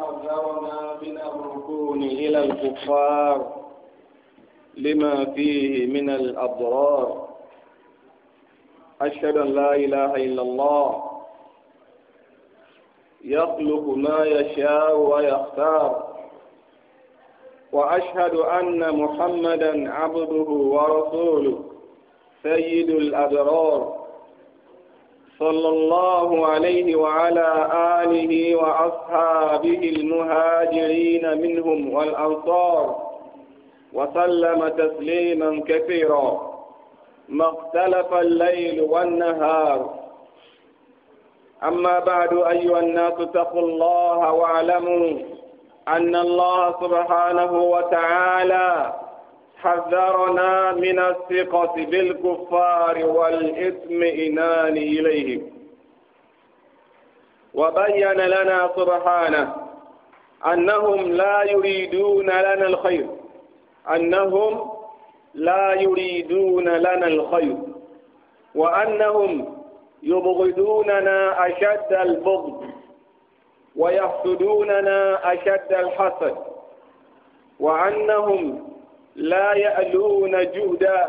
حذرنا من الركون إلى الكفار لما فيه من الأضرار أشهد أن لا إله إلا الله يخلق ما يشاء ويختار وأشهد أن محمدا عبده ورسوله سيد الأبرار صلى الله عليه وعلى آله وأصحابه المهاجرين منهم والأنصار وسلم تسليما كثيرا ما اختلف الليل والنهار أما بعد أيها الناس اتقوا الله واعلموا أن الله سبحانه وتعالى حذرنا من الثقة بالكفار والإطمئنان إليهم وبين لنا سبحانه أنهم لا يريدون لنا الخير أنهم لا يريدون لنا الخير وأنهم يبغضوننا أشد البغض ويحسدوننا أشد الحسد وأنهم لا يألون جهدا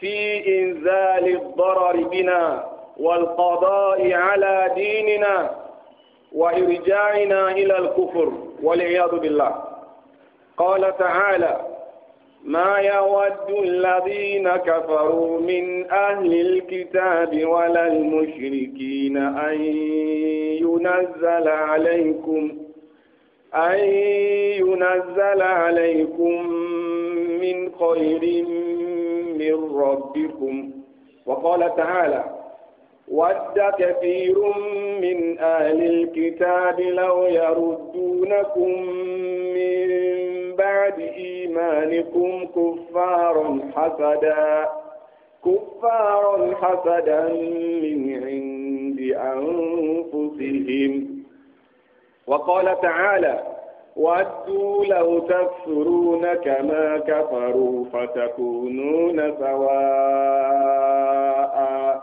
في إنزال الضرر بنا والقضاء على ديننا وإرجاعنا إلى الكفر والعياذ بالله قال تعالى ما يود الذين كفروا من أهل الكتاب ولا المشركين أن ينزل عليكم أن ينزل عليكم خير من ربكم وقال تعالى ود كثير من أهل الكتاب لو يردونكم من بعد إيمانكم كفارا حسدا كفارا حسدا من عند أنفسهم وقال تعالى ودوا لو تكفرون كما كفروا فتكونون سواء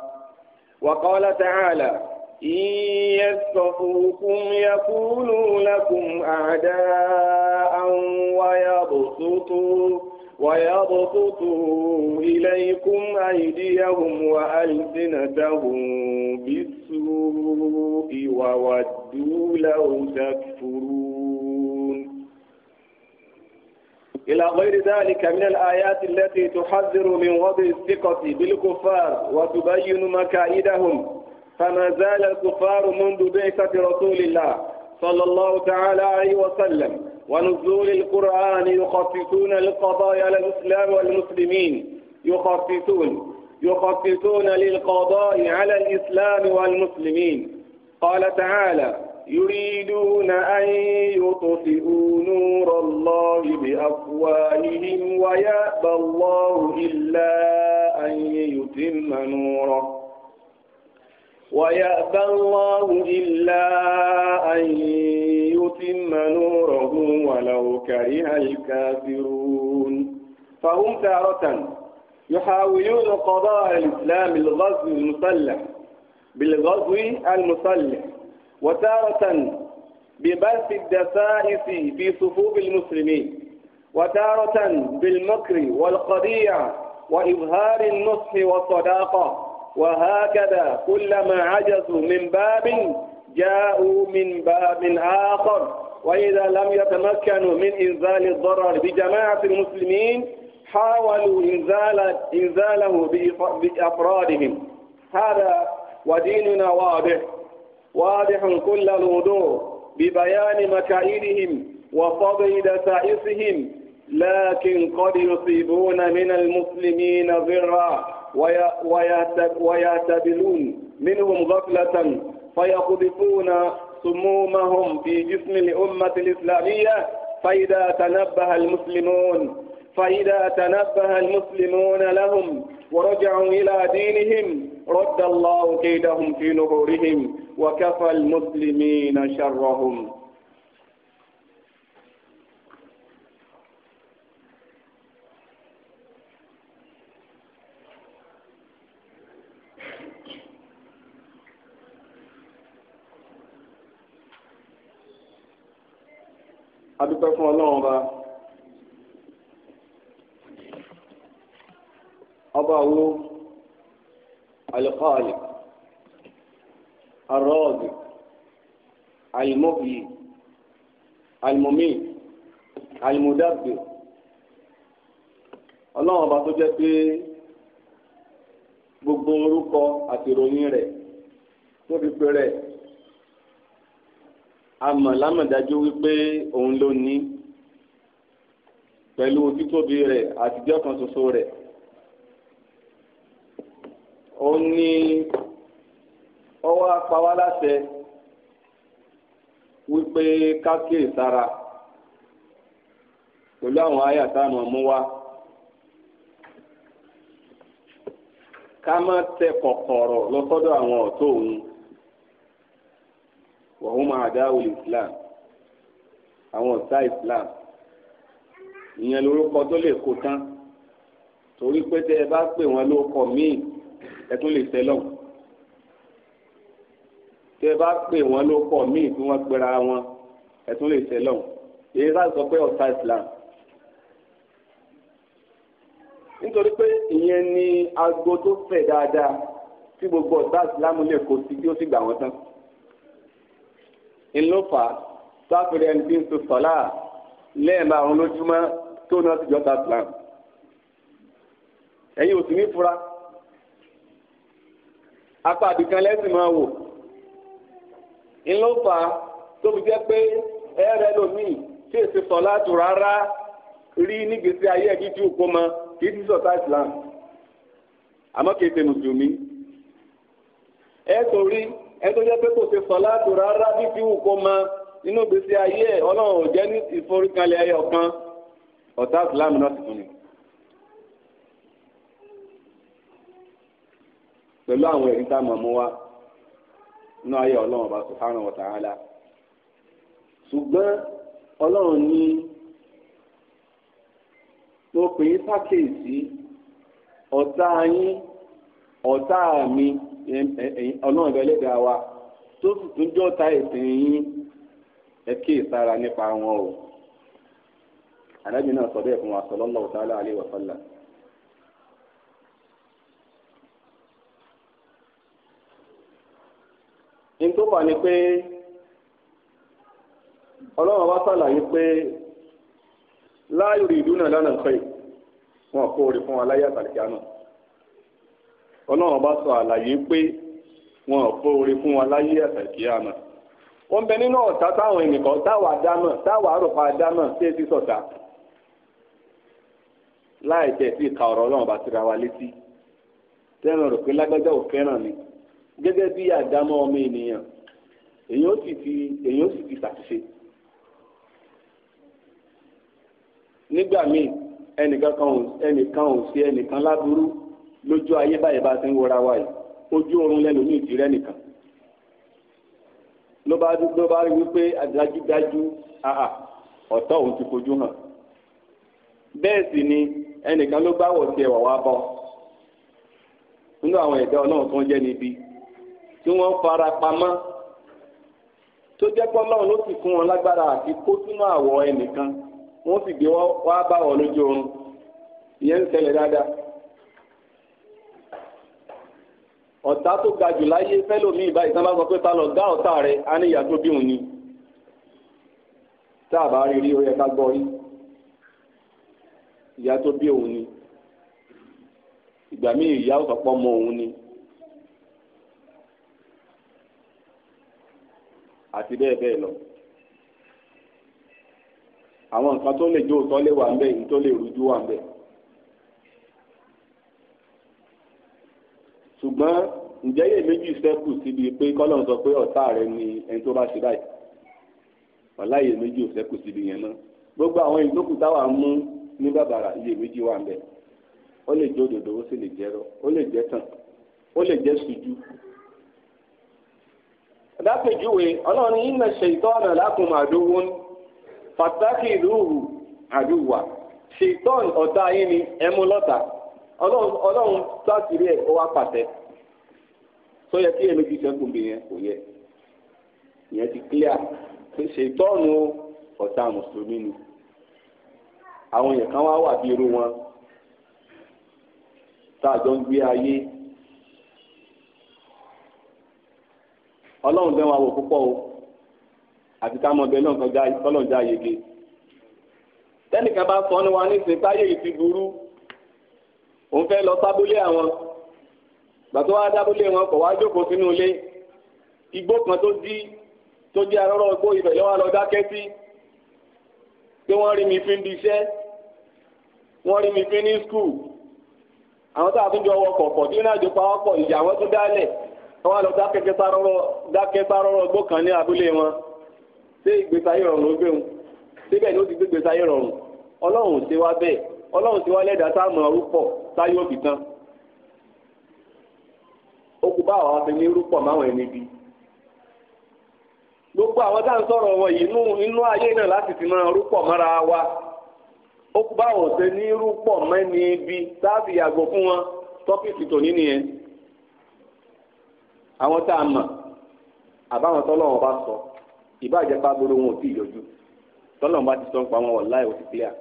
وقال تعالى إن يثقفوكم يكونوا لكم أعداء ويبسطوا ويبسطوا إليكم أيديهم وألسنتهم بالسوء وودوا لو تكفرون إلى غير ذلك من الآيات التي تحذر من وضع الثقة بالكفار وتبين مكائدهم فما زال الكفار منذ بعثة رسول الله صلى الله تعالى عليه وسلم ونزول القرآن يخصصون القضايا على الإسلام والمسلمين يخصصون يخصصون للقضاء على الإسلام والمسلمين قال تعالى يريدون أن يطفئوا نور الله بأفواههم ويأبى الله إلا أن يتم نوره ويأبى الله إلا أن يتم نوره ولو كره الكافرون فهم تارة يحاولون قضاء الإسلام الغزو المسلح بالغزو المسلح وتارة ببث الدسائس في صفوف المسلمين وتارة بالمكر والقضيع وإظهار النصح والصداقة وهكذا كلما عجزوا من باب جاءوا من باب آخر وإذا لم يتمكنوا من إنزال الضرر بجماعة المسلمين حاولوا إنزال إنزاله بأفرادهم هذا وديننا واضح واضح كل الوضوء ببيان مكائدهم وفضل دسائسهم لكن قد يصيبون من المسلمين ضرا ويعتبرون منهم غفلة فيقذفون سمومهم في جسم الأمة الإسلامية فإذا تنبه المسلمون فإذا تنبه المسلمون لهم ورجعوا إلى دينهم رد الله كيدهم في wa وكفى المسلمين شرهم adúpẹ́ fún ọlọ́run ba ọba wo الخالق الرازق المحيي المميت المدبر الله ọba tó jẹ́ pé gbogbo orúkọ àti ìròyìn rẹ̀ tó fi pe rẹ̀ àmọ́ lámọ̀dájú wípé òun ló ní pẹ̀lú títóbi rẹ̀ àtijọ́ kan ṣoṣo rẹ̀. òun ni ọwọ́ apáwá láṣẹ wípé kákìí sára pẹ̀lú àwọn àyà táwọn ka wa ká má tẹ kọ̀kọ̀rọ̀ lọ sọ́dọ̀ àwọn ọ̀tọ̀ òun wọ̀hún máa dá Islam àwọn ọ̀tá Islam ìyẹn lórúkọ tó lè kó tán torí pé tẹ ẹ pè wọn lórúkọ míì ẹ tún lè sẹlọ tẹ bá pè wọn ló pọ míì tí wọn pera wọn ẹ tún lè sẹlọ èyí sá sọ pé ọ̀tá Islam nítorí pé ìyẹn ni agbo tó fẹ̀ dáadáa tí gbogbo ọ̀tá Islam lè kó sí tí ó sì gbà wọ́n tán ńlọ́fà sáfìrì ẹni tí ń so sọ́lá lẹ́ẹ̀mà àwọn lójúmọ́ tó náà ti jọ́ta Islam ẹ̀yin ò sì ní fura apá àbìkan lẹ́sìn máa wò ńlọ́fà tóbi jẹ́ pé ẹ̀rẹ́ lomi tí èsì sọ̀lá tù rárá rí nígbèsè ayé ẹ̀kí tí òkú mọ kì í ti sọ̀tà Islam àmọ́ kì í ṣe mùsùlùmí ẹ̀ torí ẹ̀ tó jẹ́ pé kò ṣe sọ̀lá tù rárá bí tí òkú mọ nínú gbèsè ayé ọlọ́run ò jẹ́ ní ìforíkanlẹ̀ ẹyọ kan ọ̀tá Islam náà ti fún mi. pẹ̀lú àwọn ẹ̀rí tá a mọ̀ mú wa nínú ayé ọlọ́run ọba subhanahu wa ta'ala ṣùgbọ́n ọlọ́run ní mo pè é pàkíyèsí ọ̀tá yín ọ̀tá mi ọlọ́run ọba ẹlẹ́dàá wa tó sì tún jọ́ ta yín ẹ nípa wọn o àdájọ́ náà sọ bẹ́ẹ̀ fún wa sallallahu ta'ala alaihi wa ní tó fà ni pé ọlọ́run wá sàlàyé pé láàyò ìdúnà lánà ń pẹ́ wọn kó orí fún aláyé àtàlẹ́kẹ́ àná ọlọ́run bá sọ àlàyé pé wọn kó orí fún aláyé àtàlẹ́kẹ́ àná bẹ nínú ọ̀tá táwọn sọ̀tà láì sí ọ̀rọ̀ ọlọ́run bá ra wa létí rò pé lágbájá ò fẹ́ràn ni. gẹ́gẹ́ bí àdámọ́ ọmọ ènìyàn èyàn ó sì ti èyàn ó sì ti ṣàṣìṣe. nígbà míì ẹnìkan kan ò ẹnìkan ò sí ẹnìkan láburú lójú ayé báyìí bá ti ń wọra wa yìí ojú oorun lẹ́nu ní ìdírẹ́ nìkan ló bá ló bá rí wípé dájúdájú ọ̀tọ̀ òun ti fojú hàn bẹ́ẹ̀ sì ni ẹnìkan ló bá wọ̀ tiẹ̀ wà wá bọ̀ nínú àwọn ẹ̀dá ọlọ́run tó ń jẹ́ níbi tí wọ́n fara pamọ́ tó jẹ́ pé ọlọ́run ló sì fún wọn lágbára àti kó sínú àwọ̀ ẹnìkan wọ́n sì gbé wá bá wọn lójú oorun ìyẹn ń ṣẹlẹ̀ dáadáa. ọ̀tá tó ga jù láyé fẹ́lòmíì báyìí sábà sọ pé ta lọ gá ọ̀tá rẹ á ní ìyá tó bí òun ni tá a bá rí rí ó yẹ ká gbọ́ yín ìyá tó bí òun ni ìgbà míì ìyá ò sọ pé ọmọ òun ni. àti bẹ́ẹ̀ bẹ́ẹ̀ lọ àwọn nǹkan tó lè jó òótọ́ lè wà ńbẹ̀ èyí tó lè rújú wà ńbẹ̀ ṣùgbọ́n ǹjẹ́ yè méjì sẹ́kù síbi pé kọ́lọ́n sọ pé ọ̀tá rẹ ni ẹni tó bá ṣe báyìí wàlá yè méjì sẹ́kù síbi yẹn náà gbogbo àwọn ìlókù táwa mú ní bàbàrà iye méjì wà ńbẹ̀ ó lè jẹ́ òdòdó ó sì lè jẹ́ ó lè jẹ́ tàn ó lè jẹ́ ṣùjú lápèjúwe ọlọ́run inna shaytana lakum aduwwun fattakhidhuhu aduwwa ṣètọ́n ọ̀tá yín ni ẹ mú lọ́tà ọlọ́run sásìrí ẹ̀ ó wá pàṣẹ tó yẹ kí èmi ti sẹ́kùn bí yẹn kò yẹ ìyẹn ti clear ṣètọ́n o ọ̀tá mùsùlùmí ni àwọn èèyàn kan wá wà bí irú wọn tá a jọ ń gbé ayé ọlọ́run bẹ́ wa wò púpọ̀ o àti ká mọ bẹ́ẹ̀ náà kọjá kọ́lọ́jà yege tẹ́nìkan bá sọ ní wa nísìnyí táyé yìí ti burú òun fẹ́ lọ sábúlé àwọn gbàtọ́ wá dábúlé wọn kọ̀ wá jókòó sínú ilé igbó kan tó dí tó jẹ́ arọ́rọ́ igbó ibẹ̀ lọ́wọ́ lọ dákẹ́ sí pé wọ́n rí mi fi ń di iṣẹ́ wọ́n rí mi fi ní skul àwọn tó àtúnjọ wọkọ̀ kọ̀ tí ó náà jọ pa wọ́pọ̀ ìyá wọn tún dálẹ̀ àwọn àlọ́ dákẹ́kẹ́ sárọ́rọ́ dákẹ́ sárọ́rọ́ kan ní abúlé wọn ṣé ìgbésí ayé rọrùn ló gbé wọn ni ó ti gbé ìgbésí ayé rọrùn ọlọ́run ti wá bẹ́ẹ̀ ọlọ́run ti wá lẹ́dàá sáàmù arúpọ̀ táyé òbí tán bá àwọn rúpọ̀ máwọn ẹni bí gbogbo àwọn tá sọ̀rọ̀ wọn yìí inú ayé náà láti fi máa àwọn tá a mọ̀ àbáwọn tọ́lọ́wọ́n bá sọ ìbáàjẹ́ pàgbóró wọn ò tí ì yọjú tọ́lọ́wọ́n bá ti sọ nípa wọn wọ̀láì ó ti clear.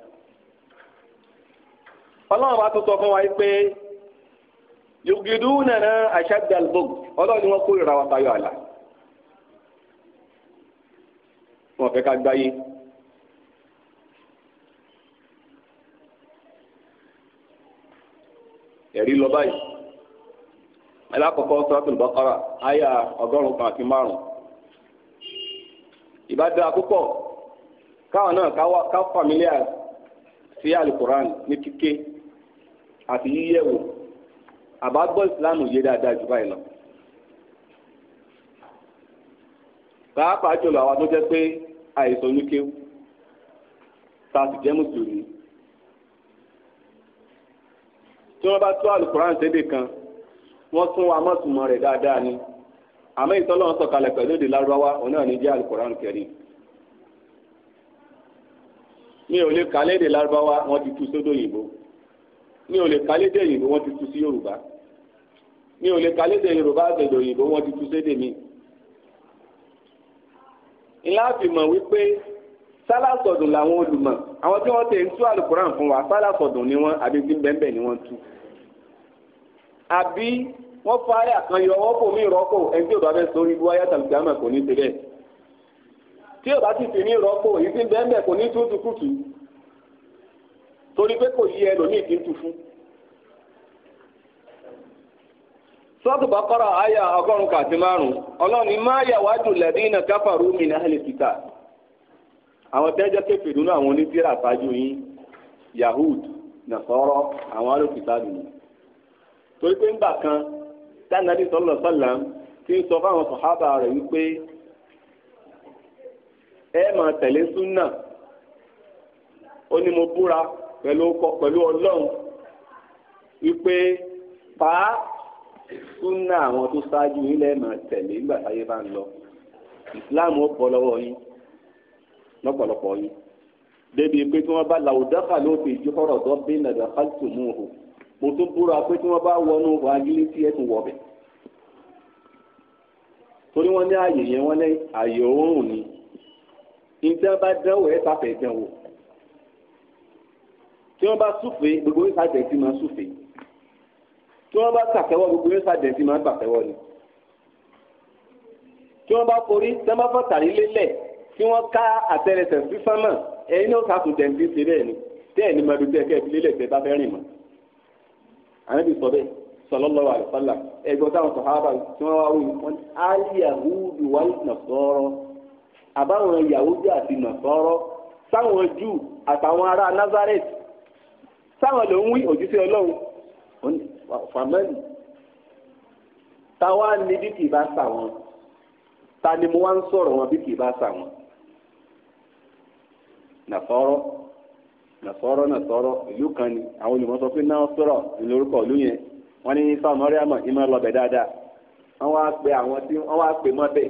ọlọ́wọ́n bá tún sọ fún wa pé yugidu nana aṣáájú bog ọlọ́wọ́n ni wọ́n kórìíra wa tayọ àlà wọn fẹ́ ká gbáyé. ẹ̀rí lọ báyìí alákọ̀ọ́kọ́ suratul Baqara àyà ọgọ́rùn-ún kan àti márùn-ún. ìbádọ́ra púpọ̀ káwọn náà ká fàmílíà sí alukoran ní kíké àti yíyẹ̀wò àbágbọ́ ìsìláàmù yé dáadáa jù báyìí lọ. pàápàá jùlọ àwọn tó jẹ́ pé àìsàn oníkéwù tá a sì jẹ́ mùsùlùmí. tí wọ́n bá tó alukoran sébè kan wọ́n tún wa mọ́tùmọ́ rẹ̀ dáadáa ni àmọ́ ìtọ́lọ́wọ́n sọ̀kalẹ̀ pẹ̀lú èdè lárúbáwá òun náà ní jẹ́ alukoran kẹrin mi ò lè kálẹ̀ èdè lárúbáwá wọ́n ti tú sódò òyìnbó mi ò lè kálẹ̀ èdè òyìnbó wọ́n ti tú sí yorùbá mi ò lè kálẹ̀ èdè yorùbá àtẹ̀dẹ̀ òyìnbó wọ́n ti tú sédè mi. ńlá fi mọ̀ wípé sálàsọ̀dùn làwọn olùmọ̀ àwọn tí wọ́n ti ń tú alukoran fún wa sálàsọ̀dùn ni wọ́n àbí tí bẹ́ẹ̀ ni wọ́n tú àbí wọ́n fa ayé àkànyọ wọ́n mi mí ìrọ́pò ẹni tí ò bá fẹ́ sórí ibú ayé àtàlùkàmà kò ní tẹ́lẹ̀ tí ò bá ti fi mi bẹ́ẹ̀ bẹ́ẹ̀ kò ní tútù kùtù torí pé kò yí ẹlòmíì ń tu fún. sọ́ọ̀tù bàkọ́rọ̀ àyà ọgọ́rùn-ún kàti márùn-ún ọlọ́run máa yà wájú káfàrú mi náà lè kíkà àwọn tẹ́jọ́ àwọn kan tánàbí sọlọ sọlá ti ń sọ fáwọn sọhábà rẹ̀ wípé ẹ máa tẹ̀lé súnà ó ní mo búra pẹ̀lú pẹ̀lú ọlọ́run wípé pàá súnà àwọn tó ṣáájú yín lẹ́ẹ̀ máa tẹ̀lé nígbà táyé bá ń lọ ìsìláàmù ó bọ́ lọ́wọ́ yín lọ́pọ̀lọpọ̀ yín débi pé tí wọ́n bá làwùdáfà ló fi ìjókòrò dọ́bí nàdàkàtúmù hù mo tún búra pé tí wọ́n bá wọnú fagilítì ẹ̀ tún wọ̀bẹ̀ torí wọ́n ní ààyè yẹn wọ́n ní ààyè òórùn ni níta bá dánwò ẹ̀ sáfẹ̀ dánwò tí wọ́n bá súfè gbogbo yín sáà dẹ̀tí máa súfè tí wọ́n bá sàkẹ́wọ́ gbogbo yín sáà dẹ̀tí máa gbàkẹ́wọ́ ni tí wọ́n bá forí tí wọ́n bá tí wọ́n ká àtẹrẹsẹ̀ fífámà ẹ̀yin náà sàkùn dẹ̀ntì sí bẹ́ẹ̀ ni ni mo dùn tẹ́ kẹ́ ẹ̀ fi lélẹ̀ bá fẹ́ rìn mọ́ ànábì sọ bẹ́ẹ̀ sallallahu alaihi wasallam ẹgbẹ́ táwọn sọ̀hábà tí wọ́n wá wí wọ́n aliyahudu wa nasọ́rọ́ àbáwọn yahudu àti nasọ́rọ́ sáwọn jù àtàwọn ará nazareth sáwọn ló ń wí òjíṣẹ́ ọlọ́run fàmẹ́lì táwa ni kì í bá sà wọn ta ni mo wá ń sọ̀rọ̀ wọn bí kì í bá sà wọn nasọ́rọ́. nàsọ́rọ́ nàsọ́rọ́ ìlú kan ni àwọn olùmọ̀ sọ náà sọ̀rọ̀ ní ìlú yẹn wọ́n ní sọ ìmọ̀ dáadáa wọ́n wá pe àwọn tí wọ́n wá pe mọ́bẹ̀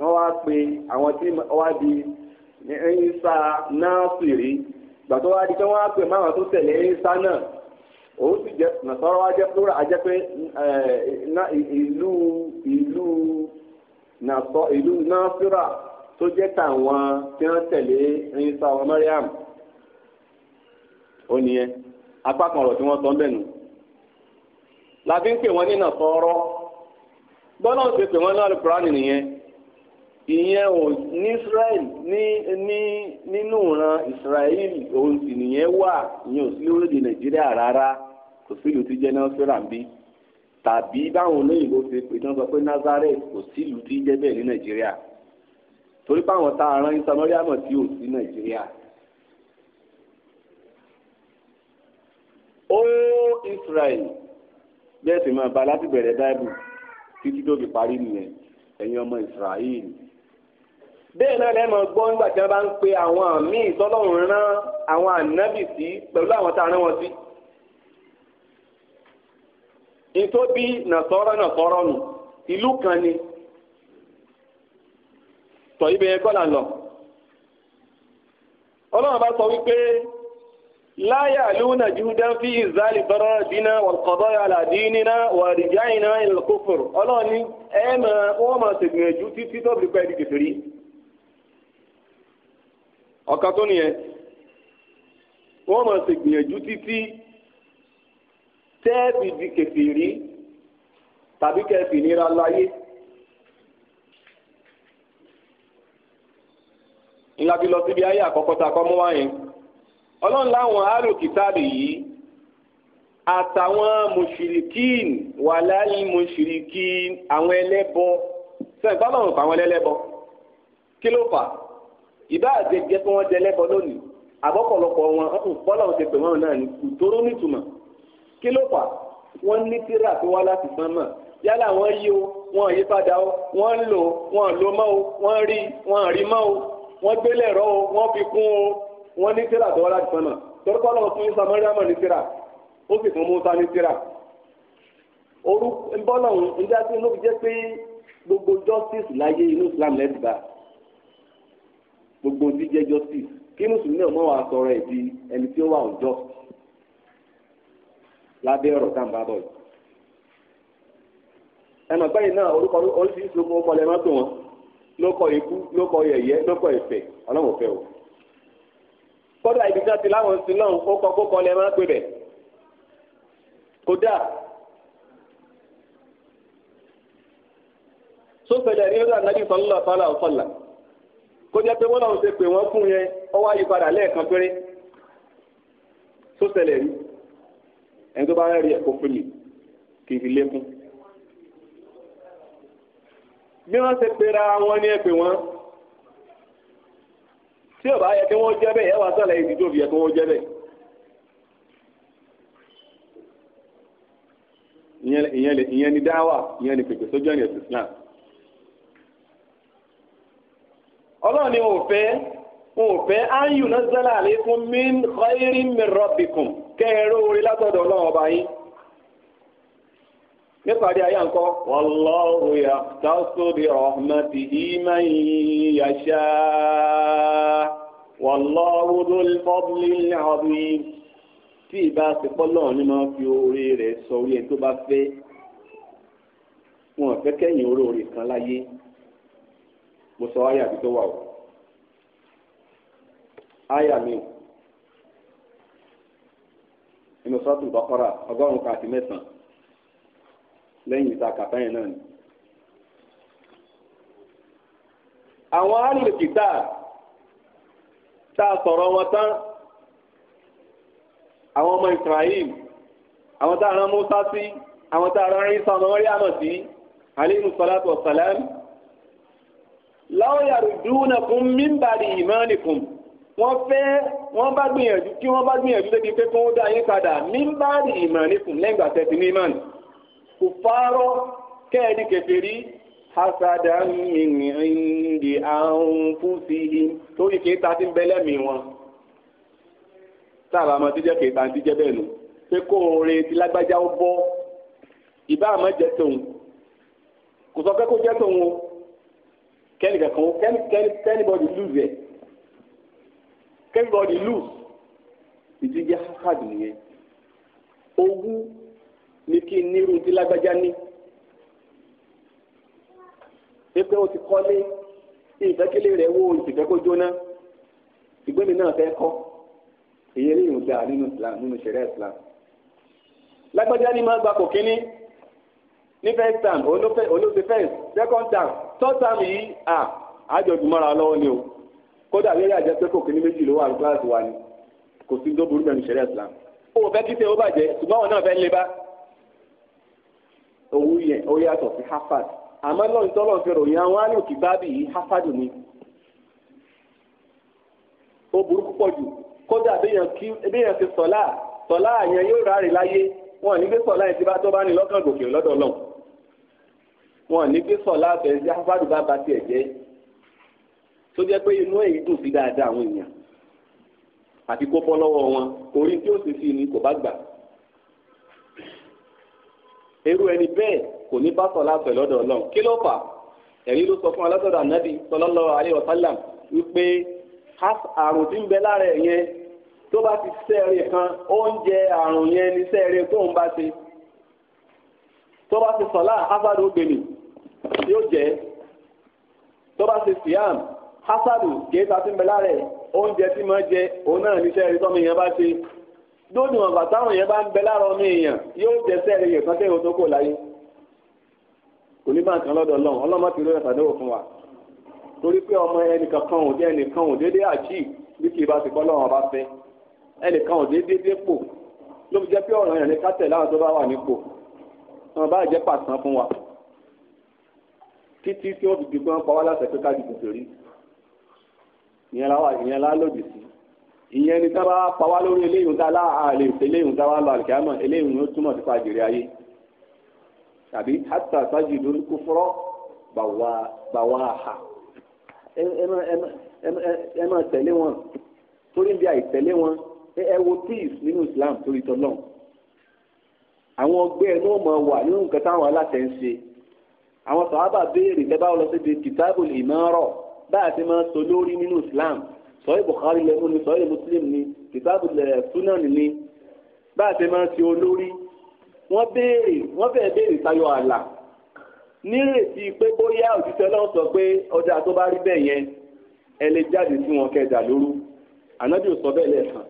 wọ́n wá pe àwọn tí wọ́n wá di ẹ̀yìnsá náà sì gbà tó wá di pé wọ́n wá pe máwọn tó tẹ̀lé ẹ̀yìnsá náà òun sì jẹ́ nàsọ́rọ́ wá jẹ́ plural ajẹ́ pé ìlú ìlú ìlú náà ó nìyẹn apá kan ọ̀rọ̀ tí wọ́n sọ ń bẹ̀ nù la fi ń pè wọ́n nínà sọ́ọ́rọ́ bọ́lá ń ṣe pè wọ́n lọ́rùn kúránì nìyẹn ìyẹn ò ní israel ní ní nínú ìran israel òun sì nìyẹn wà ìyẹn ò sí lórílẹ̀ nàìjíríà rárá kò sílùú tí nazareth kò sílùú tí jẹ́ n'i ní nàìjíríà torí báwọn tá a rán isamọ́ríàmọ̀ tí ò ó Israel bẹ́ẹ̀ sì máa ba láti bẹ̀rẹ̀ báìbù títí tó fi parí nìyẹn ọmọ Israel bẹ́ẹ̀ náà gbọ́ nígbà tí wọ́n bá ń pe àwọn àwọn ànábì pẹ̀lú àwọn tá a rán wọn sí ìtóbi nù ìlú kan ni kọ́ lọ ọlọ́run sọ wípé. لا يعلون جهدا في إزال بردنا والقضاء على ديننا ورجعنا إلى الكفر ọlọ́run ní ẹ máa wọ́n máa ṣègbìyànjú títí tó fi pẹ́ẹ́lí kẹfìrí ọ̀kan tó nìyẹn wọ́n máa ṣègbìyànjú títí tẹ́ẹ̀bì di kẹfìrí tàbí kẹfì nira láyé ńlá bí lọ síbi ayé àkọ́kọ́ tá a kọ́ mú wáyé ọlọ́run láwọn alùkìtàbì yìí àtàwọn mùṣìríkìn wàláyé mùṣìríkìn àwọn ẹlẹ́bọ sẹ́yìn bá lọ́run fáwọn ẹlẹ́bọ kí ló fà ìbá àjẹjẹ pé wọ́n jẹ ẹlẹ́bọ lónìí àbọ̀pọ̀lọpọ̀ wọn bọ́lọ́run ti pè wọ́n náà ní ìtòrò nítumọ̀ kí ló fà wọ́n ní tíra tó wá láti sánmà yálà wọ́n yí o wọ́n yí padà o wọ́n lò wọ́n lò mọ́ o wọ́n rí wọ́n rí mọ́ o wọ́n gbélé ẹ̀rọ o wọ́n fi kún o wọ́n ní tíra tó wá láti sánmà torúkọ náà fún isa mọ́ríàmọ̀ ní tíra ó sì fún musa ní tíra orúkọ bọ́lá ń dá sí inú fi jẹ́ pé gbogbo justice láyé inú islam lẹ́sìn bá gbogbo ti jẹ́ justice kí mùsùlùmí náà mọ̀ wá sọ̀rọ̀ ẹ̀ di ẹni tí ó wà ọ̀jọ́ lábẹ́ ọ̀rọ̀ tá à ń bá bọ̀ yìí ẹnà gbẹ́yìn náà orúkọ oríṣiríṣi ló kọ́ lẹ́mọ́tò wọn ló kọ́ ikú ló kọ́ yẹ̀yẹ́ ló kọ́ fẹ́ o. kọ́dà ibi ti láwọn sí náà ó kọ́ kó máa pè bẹ̀ kódà tó ṣẹlẹ̀ ní ọ̀dọ̀ ànábì sọlọ́lá sọlá ọ̀sọ̀lá kó jẹ́ pé wọ́n náà ṣe pè wọ́n fún yẹn ó wá yí padà lẹ́ẹ̀kan péré tó rí ẹni tó tí ò bá yẹ kí wọ́n jẹ́ bẹ́ẹ̀ ẹ wá sọ̀rọ̀ èyí tó fi yẹ kí wọ́n jẹ́ bẹ́ẹ̀. ìyẹn ni dáwà ìyẹn ni pèpè sójú ẹ̀yìn ẹ̀sìn Islam. ọlọ́run ni wọn ò fẹ́ wọn ò fẹ́ áyùn náà zẹ́là àlékún min khairin min rabbikum kẹ́ ẹ róore látọ̀dọ̀ ọlọ́run ọba yín níparí ayé àǹkọ́. wallahu yahtassu bi rahmatihi man yasha wallahu dhul fadlil azim tí ìbá ti pọ́lọ́ ni máa fi oore rẹ̀ sọ orí ẹ̀ tó bá fẹ́ wọn fẹ́ kẹ́yìn oróore kan láyé mo sọ ayé àbí tó wà o ayé mi inú sọ́tù bàkọ́rà ọgọ́rùn-ún kàti mẹ́sàn-án lẹ́yìn ìta kàtá yẹn náà ni. àwọn alùpùpù tá a sọ̀rọ̀ wọn tán àwọn ọmọ Israel àwọn tá a rán Musa sí àwọn tá a rán Isa ọmọ wọn rí àmọ̀ sí aleyhi salatu wa salam láwọn yàrá dúnà fún mímbàdì ìmánìkùn wọ́n fẹ́ wọ́n bá gbìyànjú kí wọ́n bá gbìyànjú débi pé kí wọ́n dá yín padà mímbàdì ìmánìkùn lẹ́yìn ìgbà tẹ̀sí ní ìmánì. kùfárọ́ kẹ́ẹ̀dì kẹfẹ́rí hasada min indi anfusihim torí kéta ti ń bẹ lẹ́mìí wọn ti jẹ́ kéta ti jẹ́ nù pé kó o re ti lágbájá ó bọ́ ìbá àmọ́ jẹ tòun kò sọ pé jẹ́ tòun o kẹ́ni kankan o kẹ́ni kẹ́ni ni kí n nírú tí lágbájá ní pé o ti kọ́lé tí ìfẹ́kélé rẹ̀ wó ìfẹ́ kó jóná ìgbẹ́mi náà fẹ́ kọ́ èyí eléyìí ń nínú Islam nínú ṣẹ̀rẹ́ Islam lágbájá ni máa ń gba kò kínní ní first term olóṣè first second term third term yìí à àjọ̀dún mọ́ra lọ́wọ́ ni o kódà lórí àjẹ pé kò kínní méjì ló wà ní kíláàsì wa ni kò sí tó burú bẹ̀rù ṣẹ̀rẹ́ Islam o fẹ́ kí tẹ o bàjẹ́ ṣùgbọ́n àwọn náà fẹ́ lé bá owó yẹn ó yàtọ̀ sí harvard àmọ́ lọ́run tọ́lọ́ fi ròyìn àwọn àlòkì bábì yìí harvard ni ó burú púpọ̀ jù kódà béèyàn ti sọ̀lá sọ̀lá yẹn yóò ráre láyé wọn ní gbé sọ̀lá yẹn ti bá tó bá ní lọ́kàn gòkè lọ́dọ̀ lọ́hùn wọn ní gbé sọ̀lá bẹ̀rẹ̀ sí harvard bá ba tiẹ̀ jẹ́ tó jẹ́ pé inú èyí dùn sí dáadáa àwọn èèyàn àti kó bọ́ lọ́wọ́ wọn orí tí ó sì sí ni kò bá gbà irú ẹni bẹ́ẹ̀ kò ní bá sọ̀lá pẹ̀ lọ́dọ̀ ọlọ́run kí ló fà ẹ̀rí ló sọ fún alásọ̀dọ̀ ànábì sallallahu alaihi wasallam wípé àrùn tí ń bẹ lára ẹ̀ yẹn tó bá ti sẹ́ẹ̀rẹ̀ kan oúnjẹ àrùn yẹn ni sẹ́ẹ̀rẹ̀ tó ń bá ṣe tó bá ti sọ̀lá hasadu gbèmí yóò jẹ́ tó bá ti siam hasadu kéésà tí ń bẹ lára ẹ̀ oúnjẹ tí máa jẹ òun náà ní sẹ́ẹ̀rẹ̀ tọ́mọ lónìí wọn bàtà àwọn yẹn bá ń bẹ lára ọmọ èèyàn yóò jẹ sẹ́ẹ̀rì yẹn kan tẹ́yìn otókò láyé kò ní máa kàn lọ́dọ̀ lọ́n ọlọ́mọ ti lóyún àtàdéwò fún wa torí pé ọmọ ẹnìkan kan òde ẹnìkan òde dé àjì bí kì í bá ti kọ́ lọ́wọ́ bá fẹ́ ẹnìkan òde dé dé pò ló fi jẹ́ pé ọ̀ràn yẹn ní kátẹ̀ láwọn tó bá wà nípò wọn bá jẹ́ pàṣán fún wa títí tí ó fi di pé wọ́n pa wá láṣẹ pé ká dìbò sórí ìyẹn lá lòdì sí ìyẹn ni tá bá pa wá lórí eléyìí tá láàlè eléyìí tá wá lọ àlùkìyámọ̀ eléyìí ni ó túmọ̀ sí fàjèrè ayé tàbí hàtà sájìdó kúfúrọ́ bàwá àhà ẹ máa tẹ̀lé wọn torí bí àìtẹ̀lé wọn ẹ wo peace nínú Islam torí tọ́lọ́n àwọn ọgbẹ́ ẹ̀ náà máa wà nínú nǹkan táwọn aláṣẹ ń ṣe àwọn sàhábà béèrè lẹ́bàá lọ síbi kìtàbùl ìmárà báyà ti máa sọ lórí nínú Islam sọ́yìn Bukhari lẹ́nu ni sọ́yìn Muslim ni kìtàbù sunan ni bá a ti máa ti olórí wọ́n béèrè wọ́n fẹ́ẹ́ béèrè tayọ ààlà nírètí pé bóyá òjíṣẹ́ náà sọ pé ọjà tó bá rí bẹ́ẹ̀ yẹn ẹ lè jáde sí wọn kẹjà lóru ànábì ò sọ bẹ́ẹ̀ lẹ́ẹ̀kan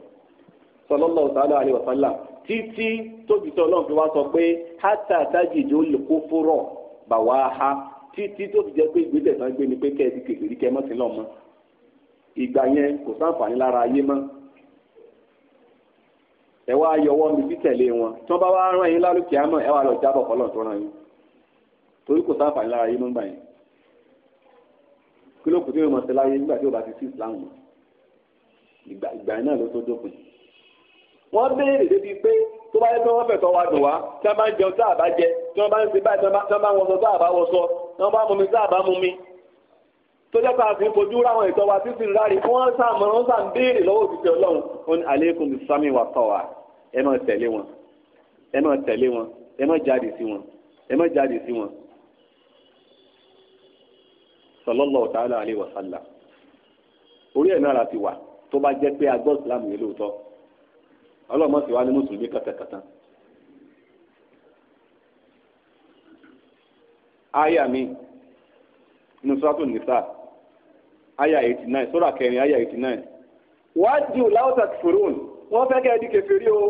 sallallahu ta'ala alaihi wa sallam títí tóbi tó ọlọ́run fi wá sọ pé hátà tájìdì ó lè kó fúrọ̀ bàwá ha títí tó fi pé ìgbésẹ̀ tán gbé ni pé kẹ́ẹ̀dì kékeré kẹ́ẹ́ mọ́sìn náà mọ́ ìgbà yẹn kò sáǹfààní lára ayé mọ́ ẹ wá yọwọ́ mi bí tẹ̀lé wọn tí wọ́n bá wá rán yín lálùkì àmọ́ ẹ wá lọ jábọ̀ fọlọ́ tó rán yín torí kò sáǹfààní lára ayé mọ́ gbà yẹn kí ló kù tí yóò mọ̀ sí láyé nígbà tí yóò bá ti sí Islam mọ́ ìgbà ìgbà yẹn náà ló tó dópin wọ́n béèrè débi pé tó bá yẹ pé wọ́n fẹ̀tọ́ wa dùn wá tí wọ́n bá ń jẹun tá àbá jẹ tí wọ́n bá ń ṣe báyìí tí wọ́n bá ń wọṣọ tá àbá wọṣọ tí wọ́n bá mumi tá àbá mumi tọ́jọ́ ká fi fojú ráwọn ìtọ́ wa títí láre kí wọ́n sàmọ́ wọ́n sàm béèrè lọ́wọ́ òṣìṣẹ́ ọlọ́run ó ní aleikum bisami wa tọ́wa ẹ máa tẹ̀lé wọn ẹ máa tẹ̀lé wọn ẹ máa jáde sí wọn ẹ máa jáde sí wọn. sallallahu ta'ala alaihi wa sallam orí ẹ̀ náà láti wà tó bá jẹ́ pé agbọ́ ìsìlámù yìí lóòótọ́ ọlọ́mọ sì wá ní mùsùlùmí kàtàkàtà. àyà mi nusratu nisa aya 89, nine sura kẹrin aya eighty nine wájú láwùjọ kìfòrún wọ́n fẹ́ kẹ́ ẹ di kèfèrí o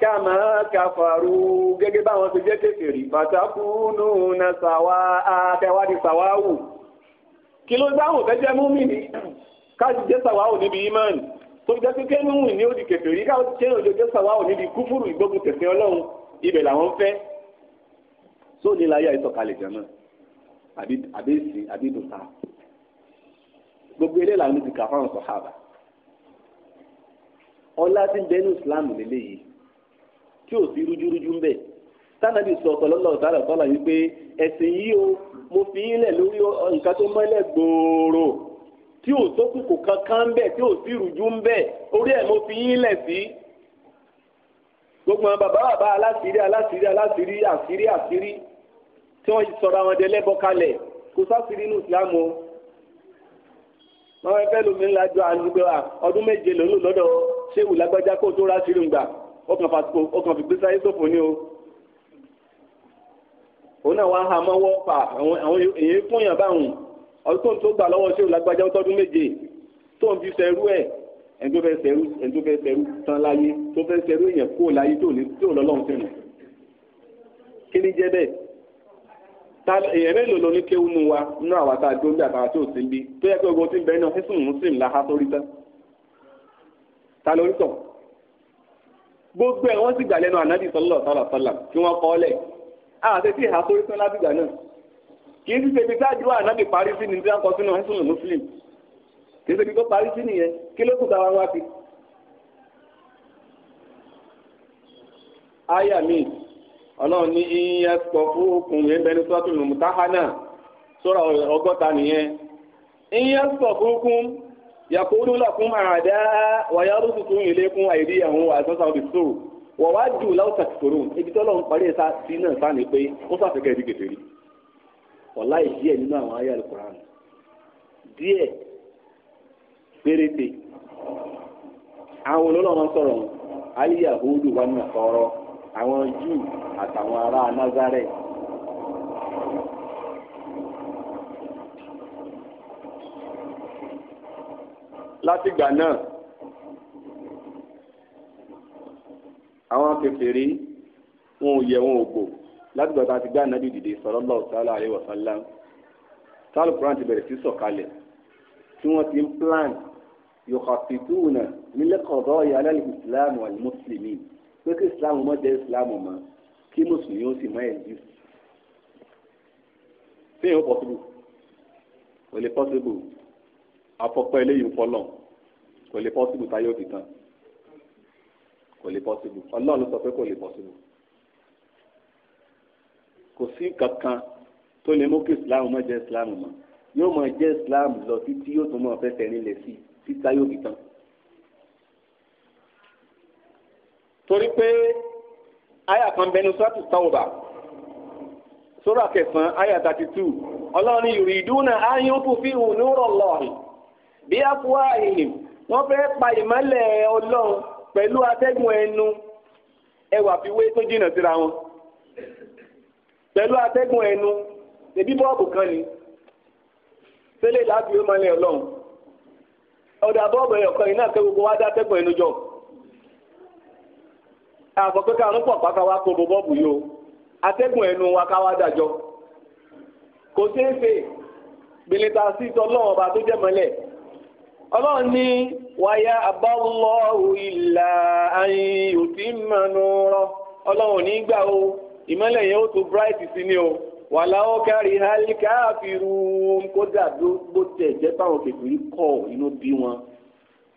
kàmá kàfàrú gẹ́gẹ́ báwọn ti jẹ́ kèfèrí pàtàkùnú na sàwá àtẹwádìí sàwáwù kí ló dáhùn fẹ́ jẹ́ múmìnì káàdì jẹ́ sàwáwù níbi imán tó fi jẹ́ pé kẹ́míhùn ni ó di kèfèrí káàdì jẹ́ òjò jẹ́ sàwáwù níbi kúfúrú ìgbógun tẹ̀sìn ọlọ́run ibẹ̀ làwọn fẹ́ sóòlì láyà ìsọ̀kalẹ̀ jẹ́ náà àbí èsì àbí dùtà gbogbo ilé làwọn olùdí kà fáwọn sọ̀hábà ọlá tí ń bẹ ní islam lélẹ́yìí tí ò sí rújúrújú ń bẹ tánàbì sọ ọ̀tọ̀lọ́lọ́ ọ̀tàlọ́ tọ́lá wípé ẹ̀sìn yìí o mo fi yín lẹ̀ lórí nǹkan tó mọ́lẹ̀ gbòòrò tí ò sókùkù kankan ń bẹ tí ò sí rújú ń bẹ orí ẹ̀ mo fi yín sí gbogbo àwọn bàbá bàbá aláṣírí aláṣírí aláṣírí àṣírí àṣírí tí wọ́n sọra wọn dẹ lẹ́bọ kalẹ̀ kò sáṣírí ní islam o wọn fẹ́ fẹ́ lómi ńlá jọ àlùgbò à ọdún méje lòún lò lọ́dọ̀ ṣéwù lágbájá kó tó rà sírun gbà ó kàn fi gbèsè ayéṣòfò ni o òun náà wàá ha mọ́wọ́ pa àwọn èyí fún yàn báwùn ọdún tó gbà lọ́wọ́ ṣéwù lágbájá ó tọ́dún méje tó ń fi sẹ́rú ẹ̀ ẹni tó fẹ́ sẹ́rú ẹni tó fẹ́ sẹ́rú tán láyé tó fẹ́ sẹ́rú èèyàn kó láyé tó lọ́lọ́run sẹ́nu kí ni jẹ́ bẹ́ẹ̀ èèyàn mélòó ló ní kéwú nu wa nínú àwa tá a dúró bí àtàwọn tí ò sí ń bí tó yẹ pé ogun tí ń bẹ náà fífún muslim la ha sórí tán ta lórí tọ̀ gbogbo ẹ̀ wọ́n sì gbà lẹ́nu ànábì sallallahu alaihi wasallam kí wọ́n kọ́ lẹ̀ àti tí ìhà sórí tán lábìgbà náà kì í sì ṣe ibi tí àdúrà ànábì parí sí ni tí wọ́n kọ sínú fífún muslim kì í ṣe ibi tó parí sí nìyẹn kí ló kù táwa wá fi. áyà míì ọlọ́run ní iye pọ̀ fún okùn yẹn bẹni sọ́tún mùtáhánà sọ́ra ọgọ́ta nìyẹn iye pọ̀ fún okùn yakuru lakum àdá wàyà rúkùtù ìlẹ́kùn àìrí àwọn àtúnṣe àwọn ìṣó wọ̀wá jù láwùsà kìkòrò ibi tọ́lọ̀ ń parí ẹ̀sà sí náà sá ni pé ó sàfẹ́kẹ́ ẹ̀dí kẹfẹ́ rí ọ̀la ìdíẹ̀ nínú àwọn ayé alukoran díẹ̀ péréte àwọn olólùwọ̀n sọ̀rọ̀ àwọn júù àtàwọn ará nazareth. látìgbà náà àwọn kèfèrí wọn ò yẹ wọn ò gbò látìgbà tá a ti gbá ànábì dìde sallallahu ta'ala alaihi wa sallam tálù kuran ti bẹ̀rẹ̀ sí sọ̀kalẹ̀ tí wọ́n ti ń plan yòókàtìtúùnà nílẹ̀ kọ̀dọ̀ yàrá ìsìlámù àlùmọ́sílẹ̀mì pé kí islam mọ́ jẹ́ islam mọ́ kí mùsùlùmí ó sì mọ́ ẹ̀ jù sí ìhó pọ̀sibù kò lè pọ́sibù afọ́pẹ́ eléyìí fọlọ́ kò lè pọ́sibù táyé òbí tán kò lè pọ́sibù ọlọ́run sọ pé kò lè pọ́sibù kò sí kankan tó lè mú kí islam mọ́ jẹ́ islam mọ́ yóò mọ jẹ́ islam lọ títí yóò tún mọ fẹsẹ̀ nílẹ̀ sí títa yóò fi tán. torí pé àyà kan bẹnu sọ́tù tọ́wọ́bà sura kẹsàn-án àyà thirty two ọlọ́run yuriduna ayutufi'u nurallahi bi afwahihim wọ́n fẹ́ pa ìmọ́lẹ̀ ọlọ́run pẹ̀lú atẹ́gùn ẹnu ẹwà fi wé tó jìnnà síra wọn pẹ̀lú atẹ́gùn ẹnu ẹbí bọ́ọ̀bù kan ni sẹ́lẹ̀ láti ọlọ́run ọ̀dà bọ́ọ̀bù ẹ̀yọ̀kan kẹ́ gbogbo wá dá àfọ pé káwọn pọ̀ pàkà wá kó bọ́ọ̀bù yìí o atẹ́gùn ẹnu wa ká wá dájọ́ kò ṣeé ṣe bìlítà sí tọ́lọ́wọ́n ọba tó jẹ́ mọ́lẹ̀ ọlọ́run ní wáyà abáwọ́lọ́hù ìlà ayin òtí mọ̀nù rọ ọlọ́run ní gbà o bright sí ni o wà láwọ́ kárí hálíkà kódà bó tẹ̀ jẹ́ kékeré wọn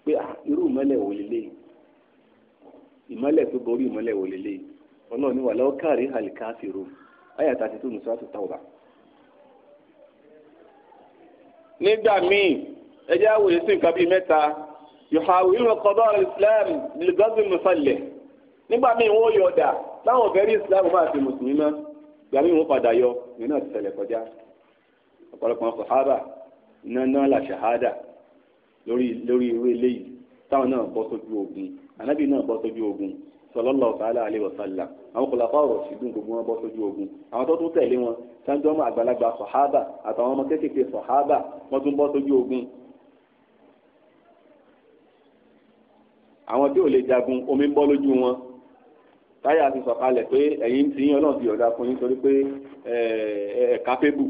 pé ah, irú wò lélẹ́yìí ìmọ́lẹ̀ tó borí ìmọ́lẹ̀ wò lélẹ̀ ọlọ́run ní wà lọ́wọ́ káàrí àlìká fèrò àyà tàbí tó nùsọ́ àtúntà ọ̀bà. nígbà míì ẹjẹ́ àwòye sí nǹkan bíi mẹ́ta yòhàwù ìrìn kọ́dọ̀ islam lìgọ́sìn mùsàlẹ̀ nígbà míì wọ́n yọ ọ̀dà láwọn ọ̀fẹ́ rí islam máa fi mùsùlùmí mọ́ ìgbà míì wọ́n padà yọ ìyẹn náà ti ṣẹlẹ̀ kọjá ọ̀pọ̀lọpọ̀ sàhábà náà náà là ṣàhádà lórí irú eléyìí táwọn náà bọ́ sójú ogun ànábì náà bọ́ sójú ogun sọlọ́lọ́ ọ̀sálà alẹ́ wọ̀sálà àwọn kòlàfà ọ̀rọ̀ ṣìdún gbogbo wọn bọ́ sójú ogun àwọn tó tún tẹ̀lé wọn sanjọ́mọ àgbàlagbà sọ̀hábà àtàwọn ọmọ kéékèèké sọ̀hábà wọ́n tún bọ́ sójú ogun. àwọn tí ò lè jagun omi ń bọ́ lójú wọn táyà ti sọ̀kalẹ̀ pé ẹ̀yin ti yín ọlọ́run ti fún yín torí pé eh, ẹ̀ kápébù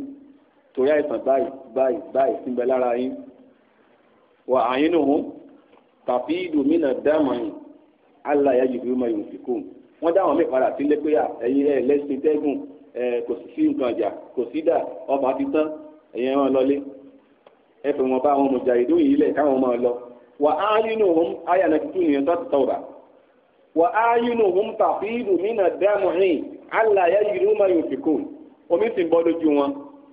torí àìsàn báyìí báyìí báyìí sí tàfíìdù mínà dámọ̀yìn aláya yìí fún mayò fìkún wọ́n dá àwọn mẹ́fà rà sílé pé ẹ̀yin ẹ̀ lẹ́sìn tẹ́gùn ẹ̀ kò sí sí nǹkan ọjà kò sí dà ọba ti tán ẹ̀yin ẹ̀rọ lọlé ẹ fẹ́ wọn bá àwọn mọ̀jà ìdó yìí lẹ̀ káwọn máa lọ wà á yínú òun ayà tuntun nìyẹn tó ti tọ̀ wà á yínú òun tàfíìdù mínà dámọ̀yìn aláya yìí fún mayò fìkún omi sì ń bọ́ lójú wọn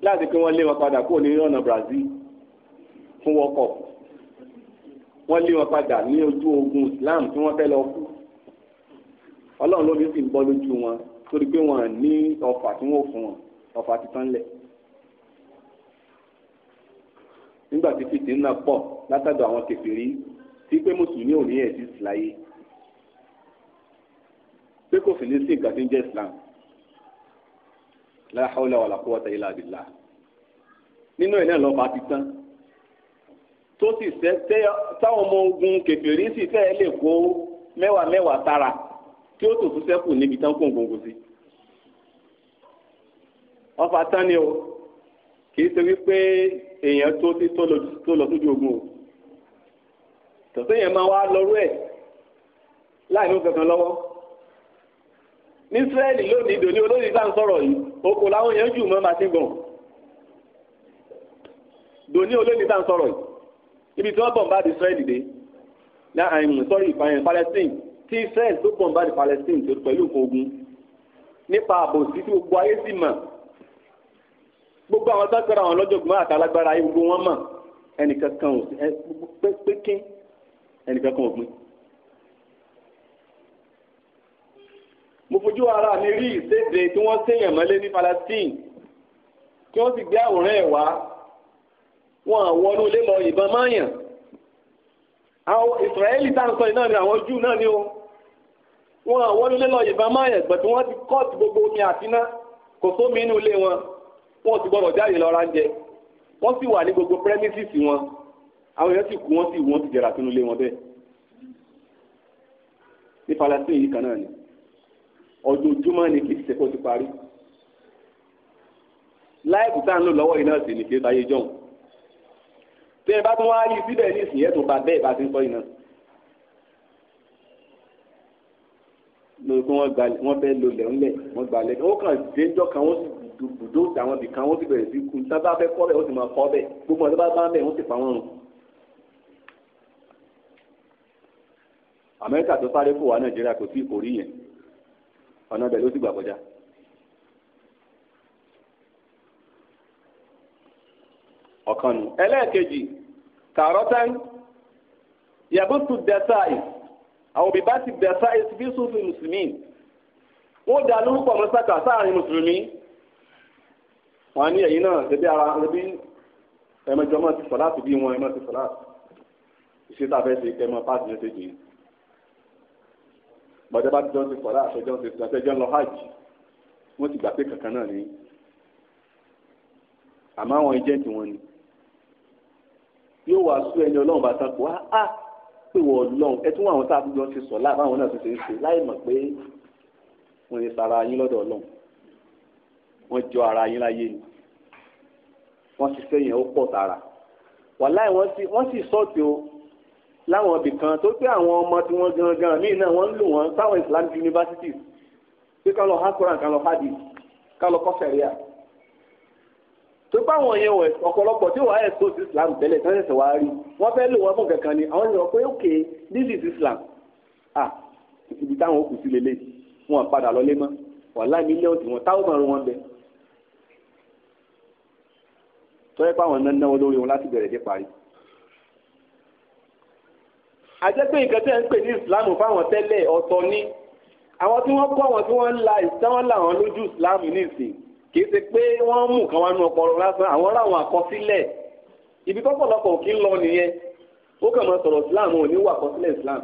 láti pé wọ́n lé wọn padà kúrò ní ọ̀nà Brazil fún World wọ́n lé wọn padà ní ojú ogun Islam tí wọ́n fẹ́ lọ kú ọlọ́run ló fi sì ń bọ́ lójú wọn torí pé wọn ní ọfà tí wọn ò fún wọn ọfà titan lẹ̀ nígbà tí fìtì náà pọ̀ látàdọ̀ àwọn kèfèrí tí pé mùsùlùmí ò ní ẹ̀sìn ìsìláyé pé kò sì ní sí nǹkan tí ń jẹ́ Islam la hawla wala quwwata illa billah nínú ẹ̀ náà lọ́ba titan tó sì fẹ́ táwọn ọmọ ogun kèfèrí sì fẹ́ lè kó mẹ́wàá mẹ́wàá tara tí ó tòkú sẹ́kù níbi tán kó gbòǹgbò sí. ọfà tán ni o kì í ṣe wípé èèyàn tó ti tó lọ sójú ogun o tòtò yẹn máa wá lọ́rú ẹ̀ láì ní kankan lọ́wọ́ ní Ísírẹ́lì lónìí dòní olóyìn tá à ń sọ̀rọ̀ yìí oko làwọn yẹn jù mọ́ màsígbọ̀n dòní olóyìn tá à ń sọ̀rọ̀ yìí ibi tí wọ́n bọ̀m̀bá di Israel dé láàrin sọ́rí ìfàyàn Palestine tí Israel tó bọ̀m̀bá di Palestine tó pẹ̀lú nǹkan ogun nípa àbòsí tí gbogbo ayé sì mọ̀ gbogbo àwọn sákàrà àwọn ọlọ́jọ̀gbọ́n àtàlágbára ayé gbogbo wọn mọ̀ ẹnìkan kan ò pékin ẹnìkan kan ò gbin. mo fojú ara mi rí ìséde tí wọ́n séèyàn mọ́lé ní Palestine tí wọ́n sì gbé àwòrán ẹ̀ wá wọn àwọnú ilé mọ ìbọn mọ́yàn àwọn ìsirẹ́lì tá à ń sọ yìí náà ni àwọn júù náà ni o wọn àwọnú ilé lọ ìbọn mọ́yàn gbẹ̀tí wọ́n ti kọ́ọ̀tù gbogbo omi àtiná kò sómi inú ilé wọn wọn ti gbọ́dọ̀ jáde lọ ra jẹ wọ́n sì wà ní gbogbo premises wọn àwọn èèyàn sì kú wọ́n sì wọ́n sì jẹrà sínú ilé wọn bẹ́ẹ̀ ní Palestine yìí kan náà ni ojoojúmọ́ ni kì í ṣe kó ti parí láìpù tá à ń lò lọ́wọ́ yìí náà sì ní kí ó bí ẹ bá tún wá yí síbẹ̀ ní ìsìn yẹn tó bá bẹ́ẹ̀ bá ti ń sọ yìí náà. lórí pé wọ́n bẹ́ẹ̀ lolẹ̀ ńlẹ̀ wọ́n gba lẹ́nu ó kàn déjọ́ kan wọ́n sì bùdó àwọn ibì kan wọ́n sì bẹ̀rẹ̀ sí kú tá bá fẹ́ kọ́ bẹ̀ ó sì máa kọ́ bẹ̀ gbogbo ọ̀dọ́ bá bá ń bẹ̀ wọ́n sì pa wọ́n rùn. Amẹ́ríkà tó sáré kó wa Nàìjíríà kò tíì kò rí yẹn ọ̀nà bẹ̀ ló sì gbà kọjá. ọ̀kan nù ẹlẹ́ẹ̀kejì tààrọ́tán yàbùtù dẹ́sáì àwọn òbí bá ti dẹ́sáì sí bísúfì mùsùlùmí wọ́n da lórúkọ mọ́sákà sáàrin mùsùlùmí wọ́n á ní ẹ̀yìn náà ẹbí ara ẹbí ẹ̀mẹjọ máa ti sọ̀lá àti bí wọn ẹ̀mẹ ti sọ̀lá ìṣètò abẹ́sẹ̀ ìkẹ́mọ́ pàṣẹ mẹ́sẹ̀gì gbọ́dọ̀ bá ti jọ́ ti sọ̀lá àtẹjọ́ ti sọ̀lá àtẹjọ́ lọ hajj wọ́n ti gbà pé kankan náà ni àmọ́ àwọn ẹjẹ́ ti wọn ni yóò wá sú ẹni ọlọ́run bá tán kó á á pé wọ́n ọlọ́run ẹ tún àwọn tá a jọ ti sọ̀ láà báwọn náà ti ṣe é ṣe láì mọ̀ pé wọ́n lè sara yín lọ́dọ̀ ọlọ́run wọ́n jọ ara yín láyé ni wọ́n ti sẹ́yìn ó pọ̀ tara wàláì wọ́n sì sọ́ọ̀tì o láwọn ibì kan tó pé àwọn ọmọ tí wọ́n gangan míì náà wọ́n ń lò wọ́n sáwọn Islamic universities pé ká lọ hákùrán ká lọ hádìí ká lọ kọ́fẹ̀ríà tó bá wọn yẹn wọ ọ̀pọ̀lọpọ̀ tí wọ́n á ẹ̀sọ́ sí islam tẹ́lẹ̀ tí wọ́n ṣẹ̀ṣẹ̀ wá rí wọ́n fẹ́ lò wọ́n fún kankan ni àwọn ìṣòro pé okay this is islam ah ibi táwọn òkú sí lélẹ̀ wọn padà lọlé mọ́ wàhálà mílíọ̀nù tí wọ́n táwọn márùn wọn bẹ. tọ́yẹ́ pé àwọn náà náwó lórí wọn láti bẹ̀rẹ̀ dé parí. àjẹ́ pé nǹkan tẹ́ ń pè ní islam fáwọn tẹ́lẹ̀ ọ̀tọ̀ ni àwọn tí wọ́n kọ́ àwọn tí wọ́n ń la ìsáwọn làwọn lójú islam ní kì í ṣe pé wọ́n mú kan wá nú ọpọlọ lásán àwọn ráwọn àkọsílẹ̀ ibi tọ́pọ̀lọpọ̀ kí ń lọ nìyẹn ó kàn máa sọ̀rọ̀ islam ò ní wà àkọsílẹ̀ islam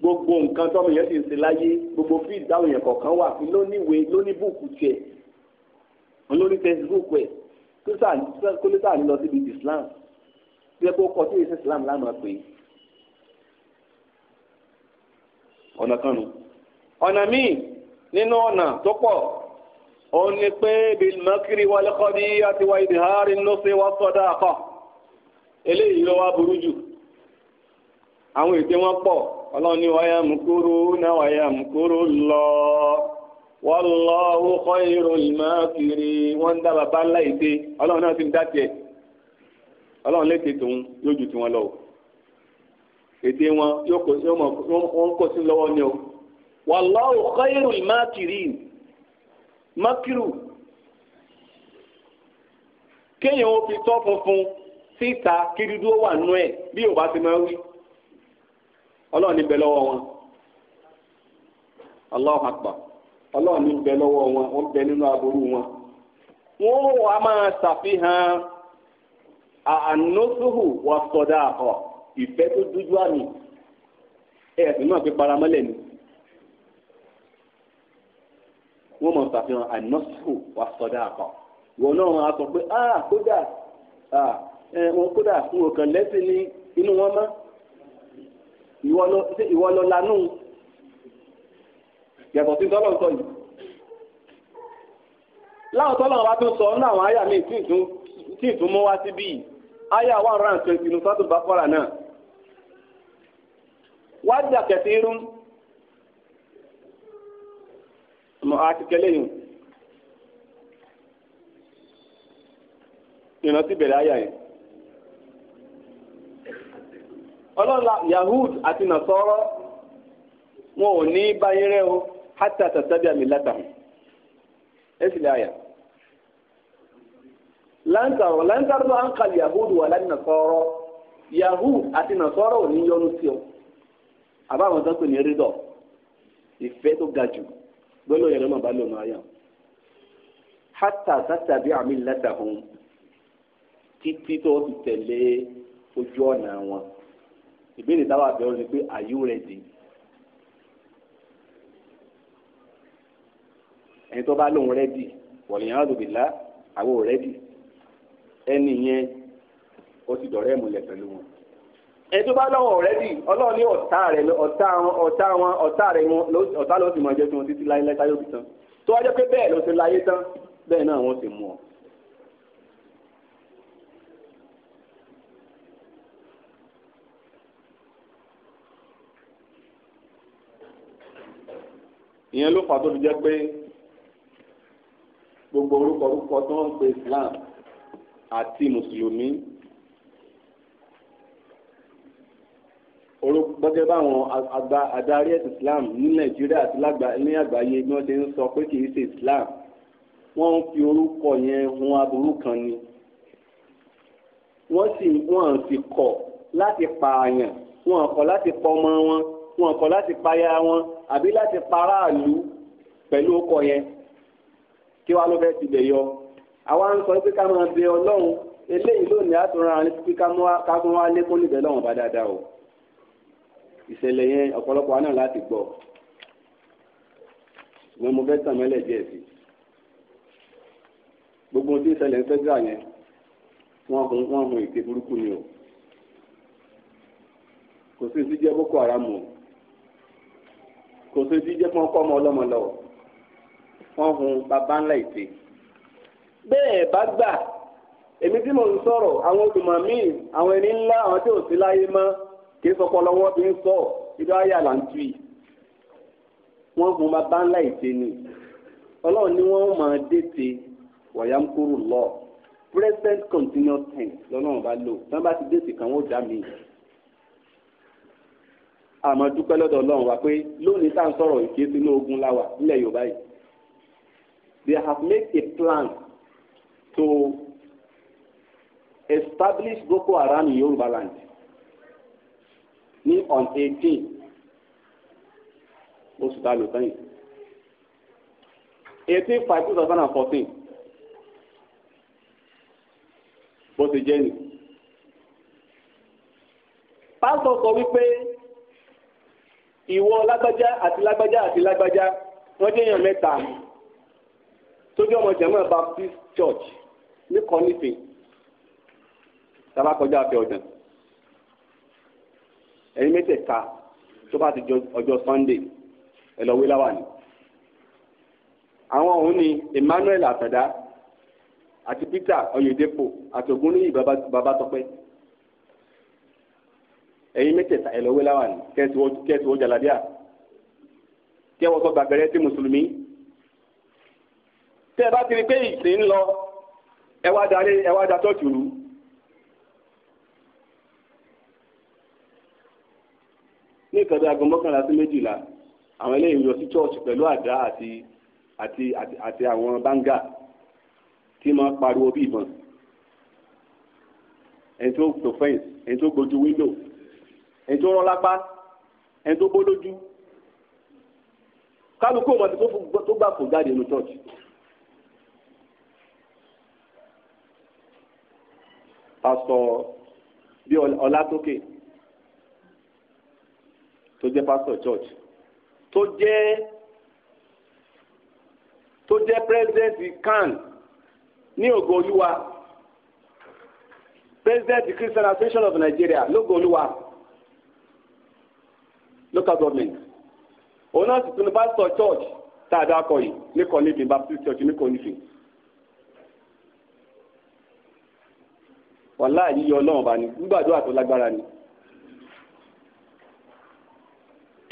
gbogbo nǹkan tọ́mọ yẹn ti ń ṣe láyé gbogbo fi ìdáhùn yẹn kọ̀ọ̀kan wà fún lóníwèé lóníbùkù tiẹ̀ lóní facebook ẹ̀ kó lè sáà lọ síbi islam bí ẹ kó kọ sí ìsìn islam lánàá pé ọ̀nà kan nù ọ̀nà míì nínú ọ̀nà tó pọ̀ òun ni pé bilmakiri wàlẹ́kọ́bí àti wa ìdìhárì lọ́sẹ̀ wá sọ́dá àkọ́ eléyìí ló wá burú jù àwọn ète wọn pọ̀ ọlọ́run ní wáyà mùkúrú náà wáyà mùkúrú lọ wallahu khairul makiri wọ́n ń dá bàbá ńlá ète ọlọ́run náà ti ń dá tiẹ̀ ọlọ́run lè tètè òun yóò ju tiwọn lọ o ète wọn yóò kó sí lọ́wọ́ ni o wallahu khairul makiri. mọ́kìrù kéèyàn ó fi tọ́ funfun síta kírídó wà nú ẹ̀ bí ò bá ti máa wí ọlọ́ọ̀ni bẹ lọ́wọ́ wọn ọlọ́ọ̀ni bẹ lọ́wọ́ wọn wọ́n bẹ nínú aburú wọn wọ́n wà máa ṣàfihàn ànóṣùhù wà sọ̀dà ọ̀ ìfẹ́ tó dúdú àmì náà wọ́n máa ṣàfihàn ànọ́sùkò wà sọ́dá àkọ́ wọn náà máa sọ pé ah kódà ah wọn kódà wọn kàn lẹ́sìn ní inú wọn mọ́ ìwọ lọ lanú yàtọ̀ sí tọ́lọ̀ sọ yìí láwọn tọ́lọ̀ wa tún sọ nínú àwọn àyà mi tí ìtún mú wá síbí yìí àyà one round twenty nù sọ́tún bá fọ́ra náà wájà kẹsì irun. mọ àti kẹlẹ yìí ìrántí bẹ̀rẹ̀ àyà yẹn ọlọ́la yahud àti nasọ́rọ́ wọn ò ní báyìí rẹ o hátà tàtàbí àmì látàmù ẹ sì lè àyà lantarọ lantarọ an kal yahudu wala nasọrọ yahu àti nasọrọ ò ní yọnu sí ọ àbáwọn tó ń pè ní rídọ ìfẹ́ tó ga jù gbọ́dọ̀ yẹn lọ́mọ bá lò máa yàn hátà sátàbí àmì látàhùn títí tó ti tẹ̀lé ojú ọ̀nà wọn ìbéèrè táwa bẹ̀rù ni pé are you ready? ẹni tó bá lóun rẹ́dì wọ̀lẹ̀ yàrá òdòdó là àwọn ò rẹ́dì ẹni yẹn ó ti dọ̀rẹ́ ìmùlẹ̀ pẹ̀lú wọn ẹni tó bá lọ́wọ́ ọ̀rẹ́dì ọlọ́run ní ọ̀tá rẹ̀ ọ̀tá wọn ọ̀tá wọn ọ̀tá rẹ̀ wọn ọ̀tá ló sì máa jẹ́ tiwọn títí láyé láyé òbí tán tó wá jẹ́ pé bẹ́ẹ̀ ló ti láyé tán bẹ́ẹ̀ náà wọ́n ti mú ọ. ìyẹn ló fà tó fi jẹ́ pé gbogbo orúkọ orúkọ tó ń pe Islam àti mùsùlùmí orúkọ báwọn àgbà adarí ẹ̀sìn islam ní nàìjíríà àti ní àgbáyé bí wọ́n ti ń sọ pé kì í ṣe islam wọ́n ń fi orúkọ yẹn hun aburú kan ni wọ́n sì wọ́n sì kọ̀ láti pààyàn wọ́n kọ̀ láti pọmọ wọn wọ́n kọ̀ láti paya wọn àbí láti paráàlú pẹ̀lú ọkọ̀ yẹn kí wàá ló fẹ́ ti bẹ̀ yọ àwa ń sọ pé ká máa bẹ ọlọ́run eléyìí lónìí àtúnra rẹ pé ká tún wá lékún níbẹ̀ lọ́wọ́n bá dáadáa o ìṣẹ̀lẹ̀ yẹn ọ̀pọ̀lọpọ̀ àná láti gbọ́ ṣùgbọ́n mo fẹ́ tàn mẹ́lẹ̀ díẹ̀ sí gbogbo ohun tí ìṣẹ̀lẹ̀ ń fẹ́jà yẹn wọ́n hun wọ́n hun ète burúkú ni o kò sí ti jẹ́ boko haram o kò sí ti fún ọkọ ọmọ ọlọ́mọ lọ wọ́n hun bàbá ńlá ète bẹ́ẹ̀ bá gbà èmi tí mò ń sọ̀rọ̀ àwọn olùmọ̀ míì àwọn ẹni ńlá àwọn tí ò sí láyé mọ́ kì í sọpọ lọ́wọ́ bí ń sọ ìdá ayà là wọ́n gun ma bá ńlá ìṣe ni ọlọ́run ni wọ́n máa dètè wàyà ń kúrò lọ present continuous tense lọ́lọ́run bá lò tí wọ́n bá ti dètè kan wọ́n dá mi. àmọ́ dúpẹ́ lọ́dọ̀ ọlọ́run wa pé lónìí tá à ń sọ̀rọ̀ ìkéésí ní ogun láwà nílẹ̀ yorùbá yìí they have made a plan to establish Boko Haram in Yoruba land ní on eighteen oṣù tá a lò sẹ́yìn eighteen five two thousand and fourteen bó ti jẹ́ nìyí pásítọ̀ sọ wípé ìwọ lágbájá àti lágbájá àti lágbájá wọ́n jẹ́ èèyàn mẹ́ta tójú ọmọ jẹ̀mọ́ baptist church ní kọ́nífẹ̀ tábà kọjá àfẹ́ ọ̀dàn ẹ̀yin mẹ́tẹ̀ẹ̀ta tó bá ti jọ ọjọ́ Sunday ẹ lọ àwọn ọ̀hún ni Emmanuel Àtàdá àti Peter Oyedepo àti Ògúnníyì Babátọ́pẹ́ ẹ̀yin mẹ́tẹ̀ẹ̀ta ẹ lọ wé láwàní kẹ́ẹ̀tì wọ́n jàládíà kẹ́wọ́ sọ gbàgbẹ́rẹ́ sí mùsùlùmí tẹ́ ẹ bá ti rí pé ìsìn ń lọ ẹ wá darí ẹ wá da tọ́ọ̀tù rú. nǹkan bí aago mọ́kànlá sí méjìlá àwọn eléyìí yọ sí chọ́ọ̀chì pẹ̀lú àdá àti àti àti àwọn báńgà tí máa pariwo bí ìbọn ẹni tó tó fẹ́ǹsì ẹni tó gbójú wíńdò ẹni tó rán lápá ẹni tó bó lójú kálukú ọmọ tí tó gbà kó jáde nínú chọ́ọ̀chì. pásítọ̀ bí ọlá tókè. Okay tó jẹ́ pastor church tó jẹ́ tó jẹ́ president kan ní ògo olúwa president Christian Association of Nigeria lógo olúwa local government òun náà sì tún ní pastor church tá a dá akọ yìí ní kọ́nìfín Baptist church ní kọ́nìfín. wàhálà yíyọ ọlọ́run bá ní gbígbàdúrà tó lágbára ni.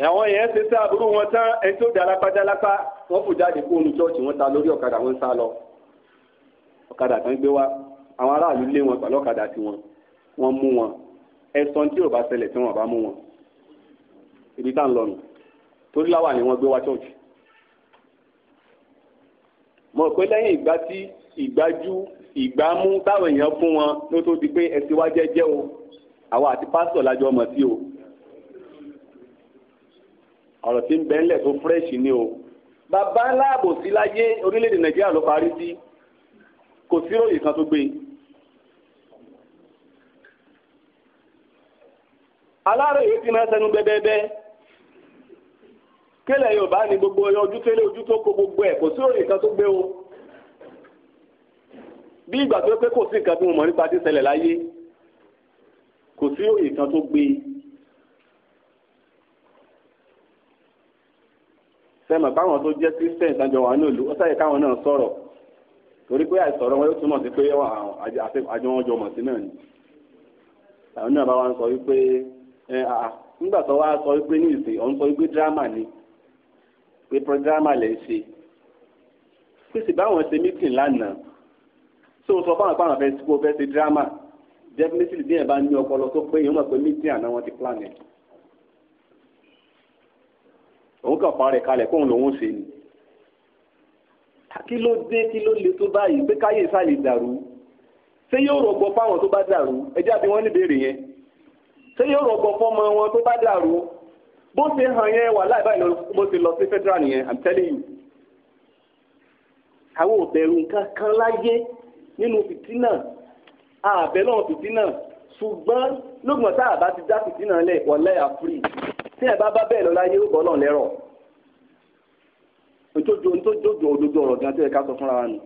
àwọn yẹn ti sá àbúrò wọn tán ẹni tó dá lápá dá lápá wọn kò jáde kó nu chọọchì wọn ta lórí ọ̀kadà wọn sá lọ ọ̀kadà kan gbé wá àwọn aráàlú lé wọn pẹ̀lú ọ̀kadà tiwọn wọn mú wọn ẹ̀sán tí ò bá ṣẹlẹ̀ tí wọn bá mú wọn ibi tá à ń lọ nù torí láwà ni wọn gbé wá chọọchì mọ̀ pé lẹ́yìn ìgbà tí ìgbájú ìgbámú táwọn èèyàn fún wọn ló tó di pé ẹsìn wá jẹ́jẹ́ o àwa àti pásítọ̀ lájọ mọ̀ sí o ọ̀rọ̀ tí ń bẹ ńlẹ̀ tó fúrẹ́ṣì ni o bàbá ńlá àbòsí láyé orílẹ̀-èdè nàìjíríà ló parí sí kò sí ròyìn kan tó gbé e. aláròyé ti máa ń sẹnu bẹ́ẹ̀bẹ́ẹ́ kélẹ̀ yorùbá ni gbogbo ojú tó lé ojú tó kó gbogbo ẹ̀ kò sí ròyìn kan tó gbé o bí ìgbà tó pé kò sí nǹkan tí mo mọ̀ nípa tí ṣẹlẹ̀ láyé kò sí ròyìn kan tó gbé e. sẹ́mọ̀ báwọn tó jẹ́ christian ìtajà wà ní òlu ó sáyẹ káwọn náà sọ̀rọ̀ torí pé àìsọ̀rọ̀ wọn yóò túmọ̀ sí pé àjọ wọn jọ sí náà ni àwọn náà bá wa ń sọ wípé ẹ nígbà tó wá sọ wípé ní ìsìn ọ̀hún sọ wípé ni pé lè ṣe pé sì báwọn ṣe lánàá sọ fáwọn òun kàn pa rẹ̀ kalẹ̀ kóun lòun ṣe ni kí ló dé kí ló le tó báyìí pé káyé ìsàlẹ̀ dàrú ṣé yóò rọgbọ fáwọn tó bá dàrú ẹjẹ́ àbí wọ́n níbèrè yẹn ṣé yóò rọgbọ fọmọ wọn tó bá dàrú bó ṣe hàn yẹn wà láì báyìí bó ṣe lọ sí federal nìyẹn i'm telling you àwọn òbẹ̀rù nǹkan láyé nínú fìtínà àbẹ̀ náà fìtínà ṣùgbọ́n lóògùn tá a bá ti dá fìtínà lẹ̀ wọ́n lẹ́yà tí ẹ bá bá bẹ́ẹ̀ lọ láyé ó bọ́ náà lẹ́rọ̀ ntójú ntójú òdodo ọ̀rọ̀ gan tí ẹ ká sọ fúnra wa nù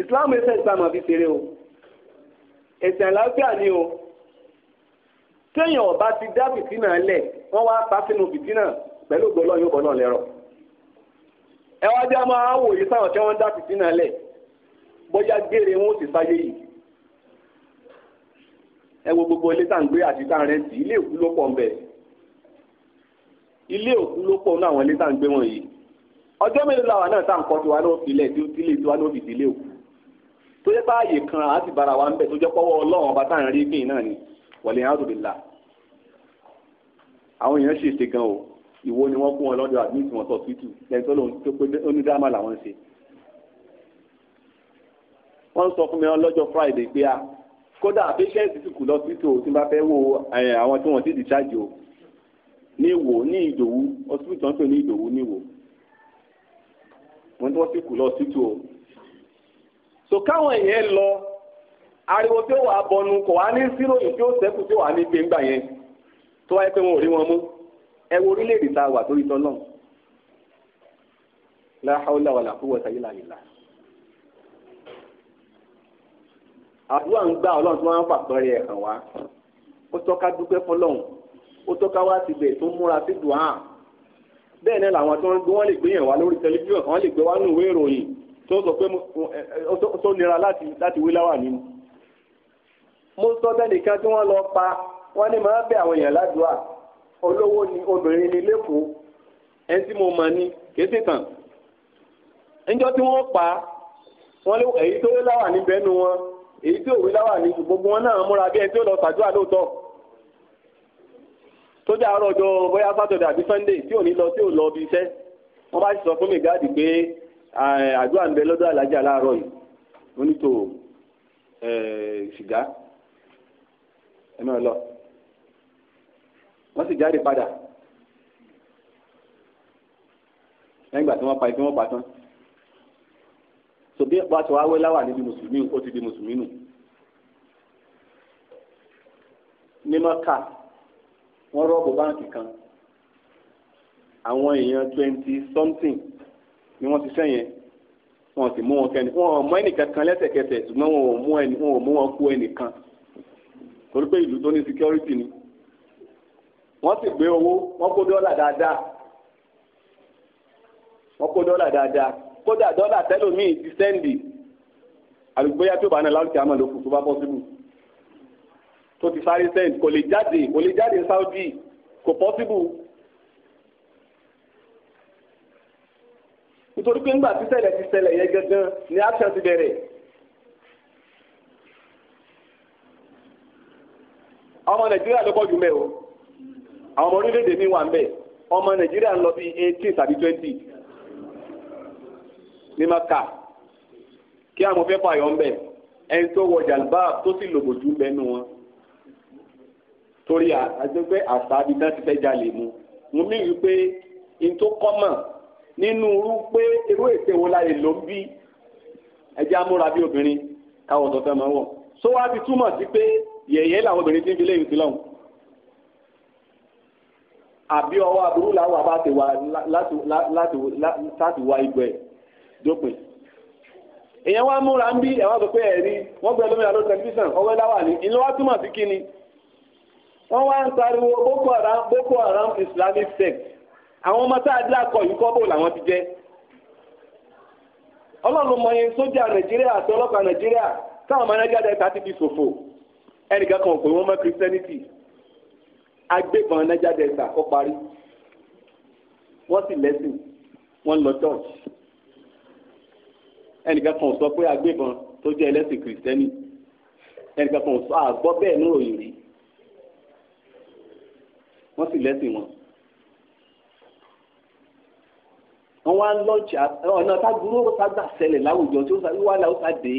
ìsìláàmù ẹsẹ̀ àfi o àlàáfíà ni o téèyàn ọba ti dá fìtínà lẹ̀ wọ́n wá pa sínú pẹ̀lú yóò bọ́ náà lẹ́rọ̀ ẹ wá jẹ́ sáwọn tí wọ́n dá lẹ̀ bóyá wọn ò sì sáyé yìí gbogbo ilé tá à ń gbé àti tá à ń rẹ́ǹtì ilé òkú ló pọ̀ ní àwọn ilé tá à ń gbé wọn yìí ọjọ́ mélòó làwọn náà tá à ń kọ́ tiwa náà filẹ̀ tí ó tilé tiwa náà fi délé òkú tó yẹ báàyè kan á ti bára wa ń bẹ̀ tó jẹ́ pọ́wọ́ ọlọ́run ọba tá à ń rí gbìn náà ni wọ̀lẹ̀ yẹn á dòbí àwọn èèyàn ṣèṣe gan o ìwo ni wọ́n kó wọn lọ́dọ̀ àdúgbò tí wọ́n sọ tútù lẹ́yìn tó lóun tó pé onídàámà làwọn ṣe wọ́n sọ fún mi lọ́jọ́ Friday pé a kódà patient ti kù lọ tútù tí n bá fẹ́ wo àwọn tí wọ́n ti dìṣáàjì o ní ìwò ní ìdòwú hospital ń pè ní ìdòwú ní ìwò wọ́n tí wọ́n sì kù lọ hospital o so káwọn èèyàn lọ ariwo tí ó wà bọnu kò wá ní síròyìn tí ó ṣẹ́kù tí ó wà ní gbẹ̀ngbà yẹn tó wáyé pé wọn ò rí wọn mú ẹ wo orílẹ̀-èdè tá a wà torí tọ́lọ́ la hawla wala quwwata illa billah àdúrà ń gbà ọlọ́run tí wọ́n á fàpẹ́rẹ́ ẹ̀ hàn wá ó tọ́ka dúpẹ́ fọlọ́run ó tọ́ka wá síbẹ̀ tó múra sí dùn án bẹ́ẹ̀ náà làwọn tó ń gbé wọ́n lè gbé yàn wá lórí tẹlifíṣàn wọ́n lè gbé wá nù ìwé ìròyìn tó sọ pé tó nira láti láti wí láwà nínú. mo sọ bẹ́ẹ̀ nìkan tí wọ́n lọ pa wọ́n ní máa bẹ àwọn èèyàn ládùúgbà olówó ni obìnrin ni lẹ́kọ̀ọ́ ẹni tí mo mọ̀ ni kì í sì tàn. níjọ́ tí wọ́n pa wọ́n lé èyí tó wí láwà níbẹ̀ nu wọn èyí tí òwe láwà ní gbogbo wọn náà múra bí ẹni tí ó lọ ṣàdúrà lóòótọ́ sójà àárọ̀ ọjọ́ bóyá sátọ̀dẹ̀ àbí sunday tí ò ní lọ tí ò lọ bí iṣẹ́ wọ́n bá sì sọ fún mi gáàdì pé àdúrà ń bẹ lọ́dọ̀ alájà láàárọ̀ yìí mo ní tó sìgá ẹ máa lọ wọ́n sì jáde padà lẹ́yìn ìgbà tí wọ́n pa ife wọ́n pa tán tòbí ẹ̀pọ̀ àti wàá wẹ́ láwà níbi mùsùlùmí ó ti di mùsùlùmí nù ní mọ́kà wọ́n rọ́ọ̀bù báǹkì kan àwọn èèyàn twenty something ni wọ́n ti sẹ́yìn wọn sì mú wọn kẹ́ni wọn mú ẹnìkan kan lẹ́sẹ̀kẹsẹ̀ ṣùgbọ́n wọn ò mú ẹni wọn ò mú wọn kú ẹnìkan torí pé ìlú tó ní security ni wọ́n sì gbé owó wọ́n kó dọ́là dáadáa wọ́n kó dọ́là dáadáa kódà dọ́là tẹ́lómìn ti sẹ́ndì àdúgbò yá tó bá náà láwùjọ àmọ́ ló kù tó bá bọ́ síbù tó ti sáré send kò lè jáde kò lè jáde Saudi kò possible. nítorí pé ńgbà tíṣẹ̀lẹ̀ ti ṣẹlẹ̀ yẹn gangan ni action ti bẹ̀rẹ̀. ọmọ nàìjíríà ló pọ̀ jù mẹ́ o àwọn ọmọ orílẹ̀-èdè mi wà ń bẹ̀ ọmọ nàìjíríà ń lọ bí eighteen tàbí twenty ní maka kí àwọn fẹ́ fààyàn ń bẹ̀ ẹni tó wọ jàlbáà tó sì lòbòjú ń bẹ́nu wọn torí àjẹpẹ àṣà abidá ti fẹ́ jalè mu mo mí wí pé n tó kọ́mọ̀ nínú irú pé irú ètè wo la lè lò ń bí ẹjẹ́ amúra bí obìnrin káwọ̀ tọ́tẹ́ máa wọ̀ sọ wá ti túmọ̀ sí pé yẹ̀yẹ́ làwọn obìnrin ti ń fi léyìn sí lọ́hùn àbí ọwọ́ aburú làwọn àbá ti wà láti láti láti wá ibẹ̀ dópin èèyàn wá múra ń bí ẹ̀wọ́n sọ pé ẹ̀rí wọ́n gbẹ lómìnira lórí tẹlifíṣàn ọwọ́ láwà ní ìlú wa túmọ̀ sí kíni wọ́n wá ń pariwo boko haram boko haram islamic sect àwọn ọmọ tá a dé akọ yìí kọ́ bò làwọn ti jẹ́ ọlọ́run mọye sójà nàìjíríà àti ọlọ́pàá nàìjíríà táwọn ọmọ nàìjíríà dẹ́ta ti di ṣòfò ẹnìkan kan ò pé wọ́n mọ́ christianity agbébọn nàìjíríà dẹ́ta kọ́ parí wọ́n sì lẹ́sìn wọ́n lọ church ẹnìkan kan ò sọ pé agbébọn tó jẹ́ ẹlẹ́sìn christianity ẹnìkan kan ò sọ àgbọ́ bẹ́ẹ̀ ní òyìnbí wọ́n sì lẹ́sìn wọn. wọ́n wá lọ́ọ̀jì ọ̀nà tágbúrò ságbà ṣẹlẹ̀ láwùjọ tí ó sáré wà láwùjọ dé.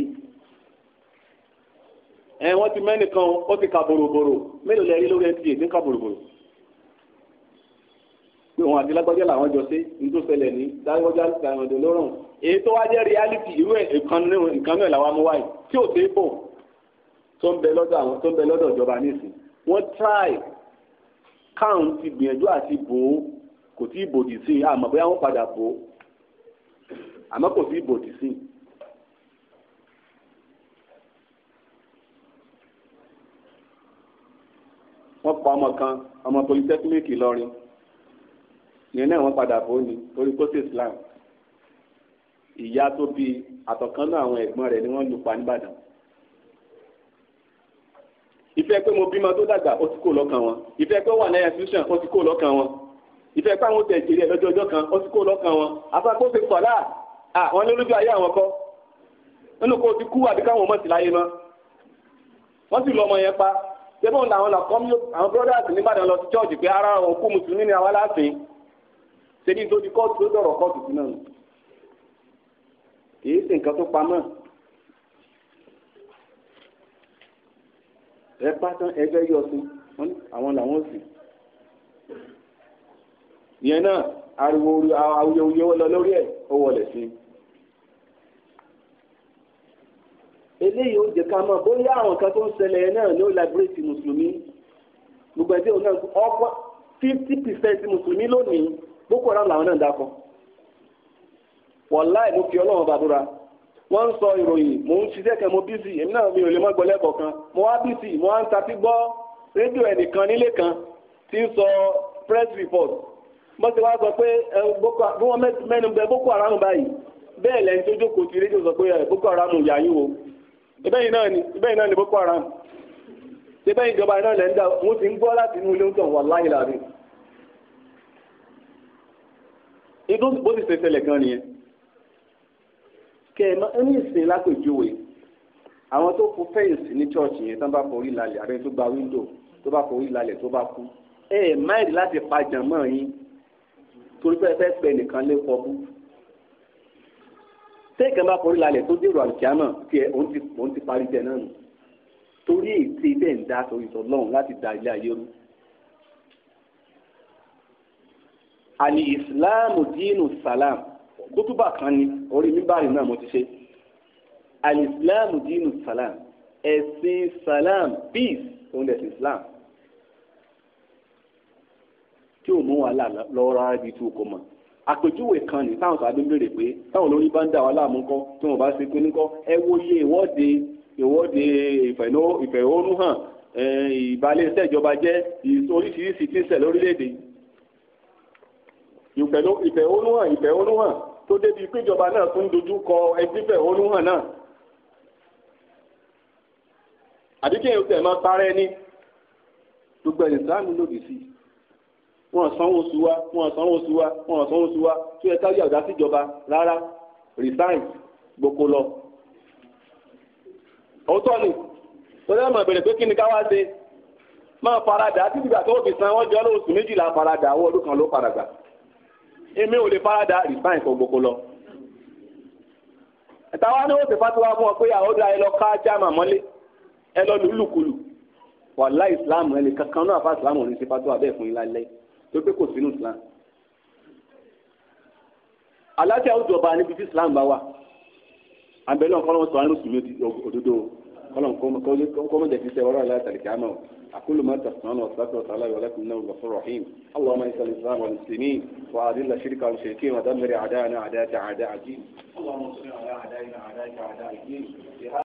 ẹ wọ́n ti mẹ́nìkan ó ti ka bòròbòrò mélòó lẹ́rí lórí nta ní ka bòròbòrò. pé òun àti lágbájá làwọn jọ sí nítorí ṣẹlẹ̀ ní lágbájá làwọn jọ lọ́rùn. èyí tó wá jẹ́ reality irú ẹ̀ nǹkan náà làwọn amú wáyé tí ò dé bò tó ń bẹ lọ́dọ̀ àwọn tó ń bẹ lọ́dọ̀ ìjọba nísìn wọ́n try káwọn ti gbìyànjú àti bò ó kò tí ì bòdì sí i àmọ́ bóyá wọ́n padà bò ó àmọ́ kò tí ì bòdì sí i. wọ́n pa ọmọ kan ọmọ polytechnic lọ́rin ìyẹn náà wọ́n padà bò ó ni torí kó sí Islam ìyá tó bí àtọ̀kánná àwọn ẹ̀gbọ́n rẹ̀ ni wọ́n lù pa nìbàdàn ìfẹ́ pé mo bímọ tó dàgbà ó ti kó lọ́kàn wọn ìfẹ́ pé wà náírà institution ó ti kó lọ́kàn wọn ìfẹ́ pé àwọn tẹ̀ jèrè lọ́jọ́ ọjọ́ kan ó ti kó lọ́kàn wọn afákó ti kọ̀ láà àwọn olójú ayé àwọn kọ́ nínú kó ti kú àbí káwọn ọmọ sì láyé mọ́ wọ́n sì lọ ọmọ yẹn pa débò làwọn làkọ́mí àwọn brothers nìbàdàn lọ sí church pé ara wọn kú mùsùlùmí ni àwa láàfin ṣe ní nítorí kóòtù tó dọ̀rọ̀ kóòtù sí náà kì í ṣe nǹkan tó pamọ́ ẹ pátán ẹgbẹ́ yọ sí àwọn làwọn sì. ìyẹn náà ariwo awuyewuye lọ lórí ẹ̀ ó wọlé sí i. eléyìí ó jẹ́ ká mọ̀ bóyá àwọn kan tó ń ṣẹlẹ̀ ẹ̀ náà ló lágbèrèsì mùsùlùmí gbogbo ẹ̀dẹ́ òun náà ọgbọ́n fifty percent mùsùlùmí lónìí boko haram làwọn náà dákọ̀ wọ́n láì mú fi ọlọ́run bàbúrà wọ́n ń sọ ìròyìn mò ń ṣiṣẹ́ kẹ́ mo bísì èmi náà mi ò lè mọ́ gbọ́ lẹ́kọ̀ọ́ kan mo wá bísì mo wá ń tatí gbọ́ rédíò ẹnìkan nílé kan tí ń sọ press report mo ti wá sọ pé bí wọ́n mẹ́nu bẹ Boko Haram báyìí bẹ́ẹ̀ lẹ́ni tó jókòó ti rédíò sọ pé Boko Haram yà yín o ìbẹ́yìn náà ni ìbẹ́yìn náà ni Boko Haram ìbẹ́yìn ìjọba náà lẹ́ ń dà wọ́n ti ń gbọ́ láti inú ilé ń tàn wà láyé láàrin inú bó ti ṣe ṣẹlẹ̀ gan nìyẹn kẹ́ẹ̀mọ́ ẹni ìsìn lápèjúwe àwọn tó kú fẹ́yìntì ní chọ́ọ̀chì yẹn tó bá forí lálẹ́ àbẹ́ tó gba wíńdò tó bá forí lálẹ́ tó bá kú ẹ ẹ̀ máìlì láti pa jàmọ́ yín torí pé ẹ fẹ́ pẹ nìkan lé fọ́bú tẹ́ẹ̀kan bá forí lálẹ́ tó dèrò àlùkìámọ̀ tí ẹ òun ti òun ti parí jẹ náà nù torí ètè bẹ́ẹ̀ ń dá torí sọ lọ́hùn láti da ilé ayé rú. àlì ìsìláàmù dínú sàlámù kútúbà kan ni orí mímbàrì náà mo ti ṣe alìsílámù dínú salam. ẹ̀sìn salam, peace òun lẹ̀sìn islam tí ò mú wàhálà lọ́wọ́ rárá bíi tí o kò mọ̀ àpèjúwe kan ní táwọn sábẹ́ ń béèrè pé táwọn olórí bá ń dà wá láàmú kọ́ tí wọ́n bá ṣe pé níkọ́ ẹ wo iye ìwọ́de ìwọ́de ìfẹ̀hónú hàn ìbálẹ̀-iṣẹ́ ìjọba jẹ́ oríṣiríṣi tí ń ṣẹ̀ lórílẹ̀‐èdè ìfẹ̀hónú hàn ìfẹ̀hónú hàn tó débi péjọba náà tún dojú kọ ẹbí fẹ̀hónú hàn náà àbí kí èèyàn tẹ̀ máa parẹ́ ẹni gbogbo ẹ̀yìn sáàmù wọn sanwó oṣù wa wọn sanwó oṣù wa wọn sanwó oṣù wa tó yẹ káyọ̀ rárá resign gboko lọ. òótọ́ ni tọ́lá máa bẹ̀rẹ̀ pé kí ni ká wá ṣe máa títí gbà tó fi san wọ́n jọ lóṣù méjìlá ọdún èmi ò lè farada resign fún gbogbo lọ. ìtawá ni ó ti fatiwa fún ọ pé àwọn ọdún ayẹlọ ká jáàmà mọ́lé ẹ lọ lùlùkulù wàhálà ìsìláàmù ẹnì kankan náà fà ìsìláàmù òní ṣe fatiwa bẹ́ẹ̀ fún yín lálẹ́ tó pé kò sínú ìsìláàmù. aláṣẹ àwùjọ ọba níbi tí ìsìláàmù bá wà àbẹ̀lẹ̀ ọ̀kọ́ lọ́wọ́ sọ àrùn sùn ní òdodo kọ́lọ̀ kọ́mọ̀jẹ̀ fi ṣe ọ̀rọ̀ aláṣàlẹ̀ kí á mọ̀ أقول ما تصنعون وأستغفر الله لي ولكم إنه الغفور الرحيم اللهم إنس الإسلام والمسلمين وأذل الشرك والمشركين ودمر أعداءنا أعداءك أعداء الدين اللهم انصر على أعدائنا أعدائك أعداء الدين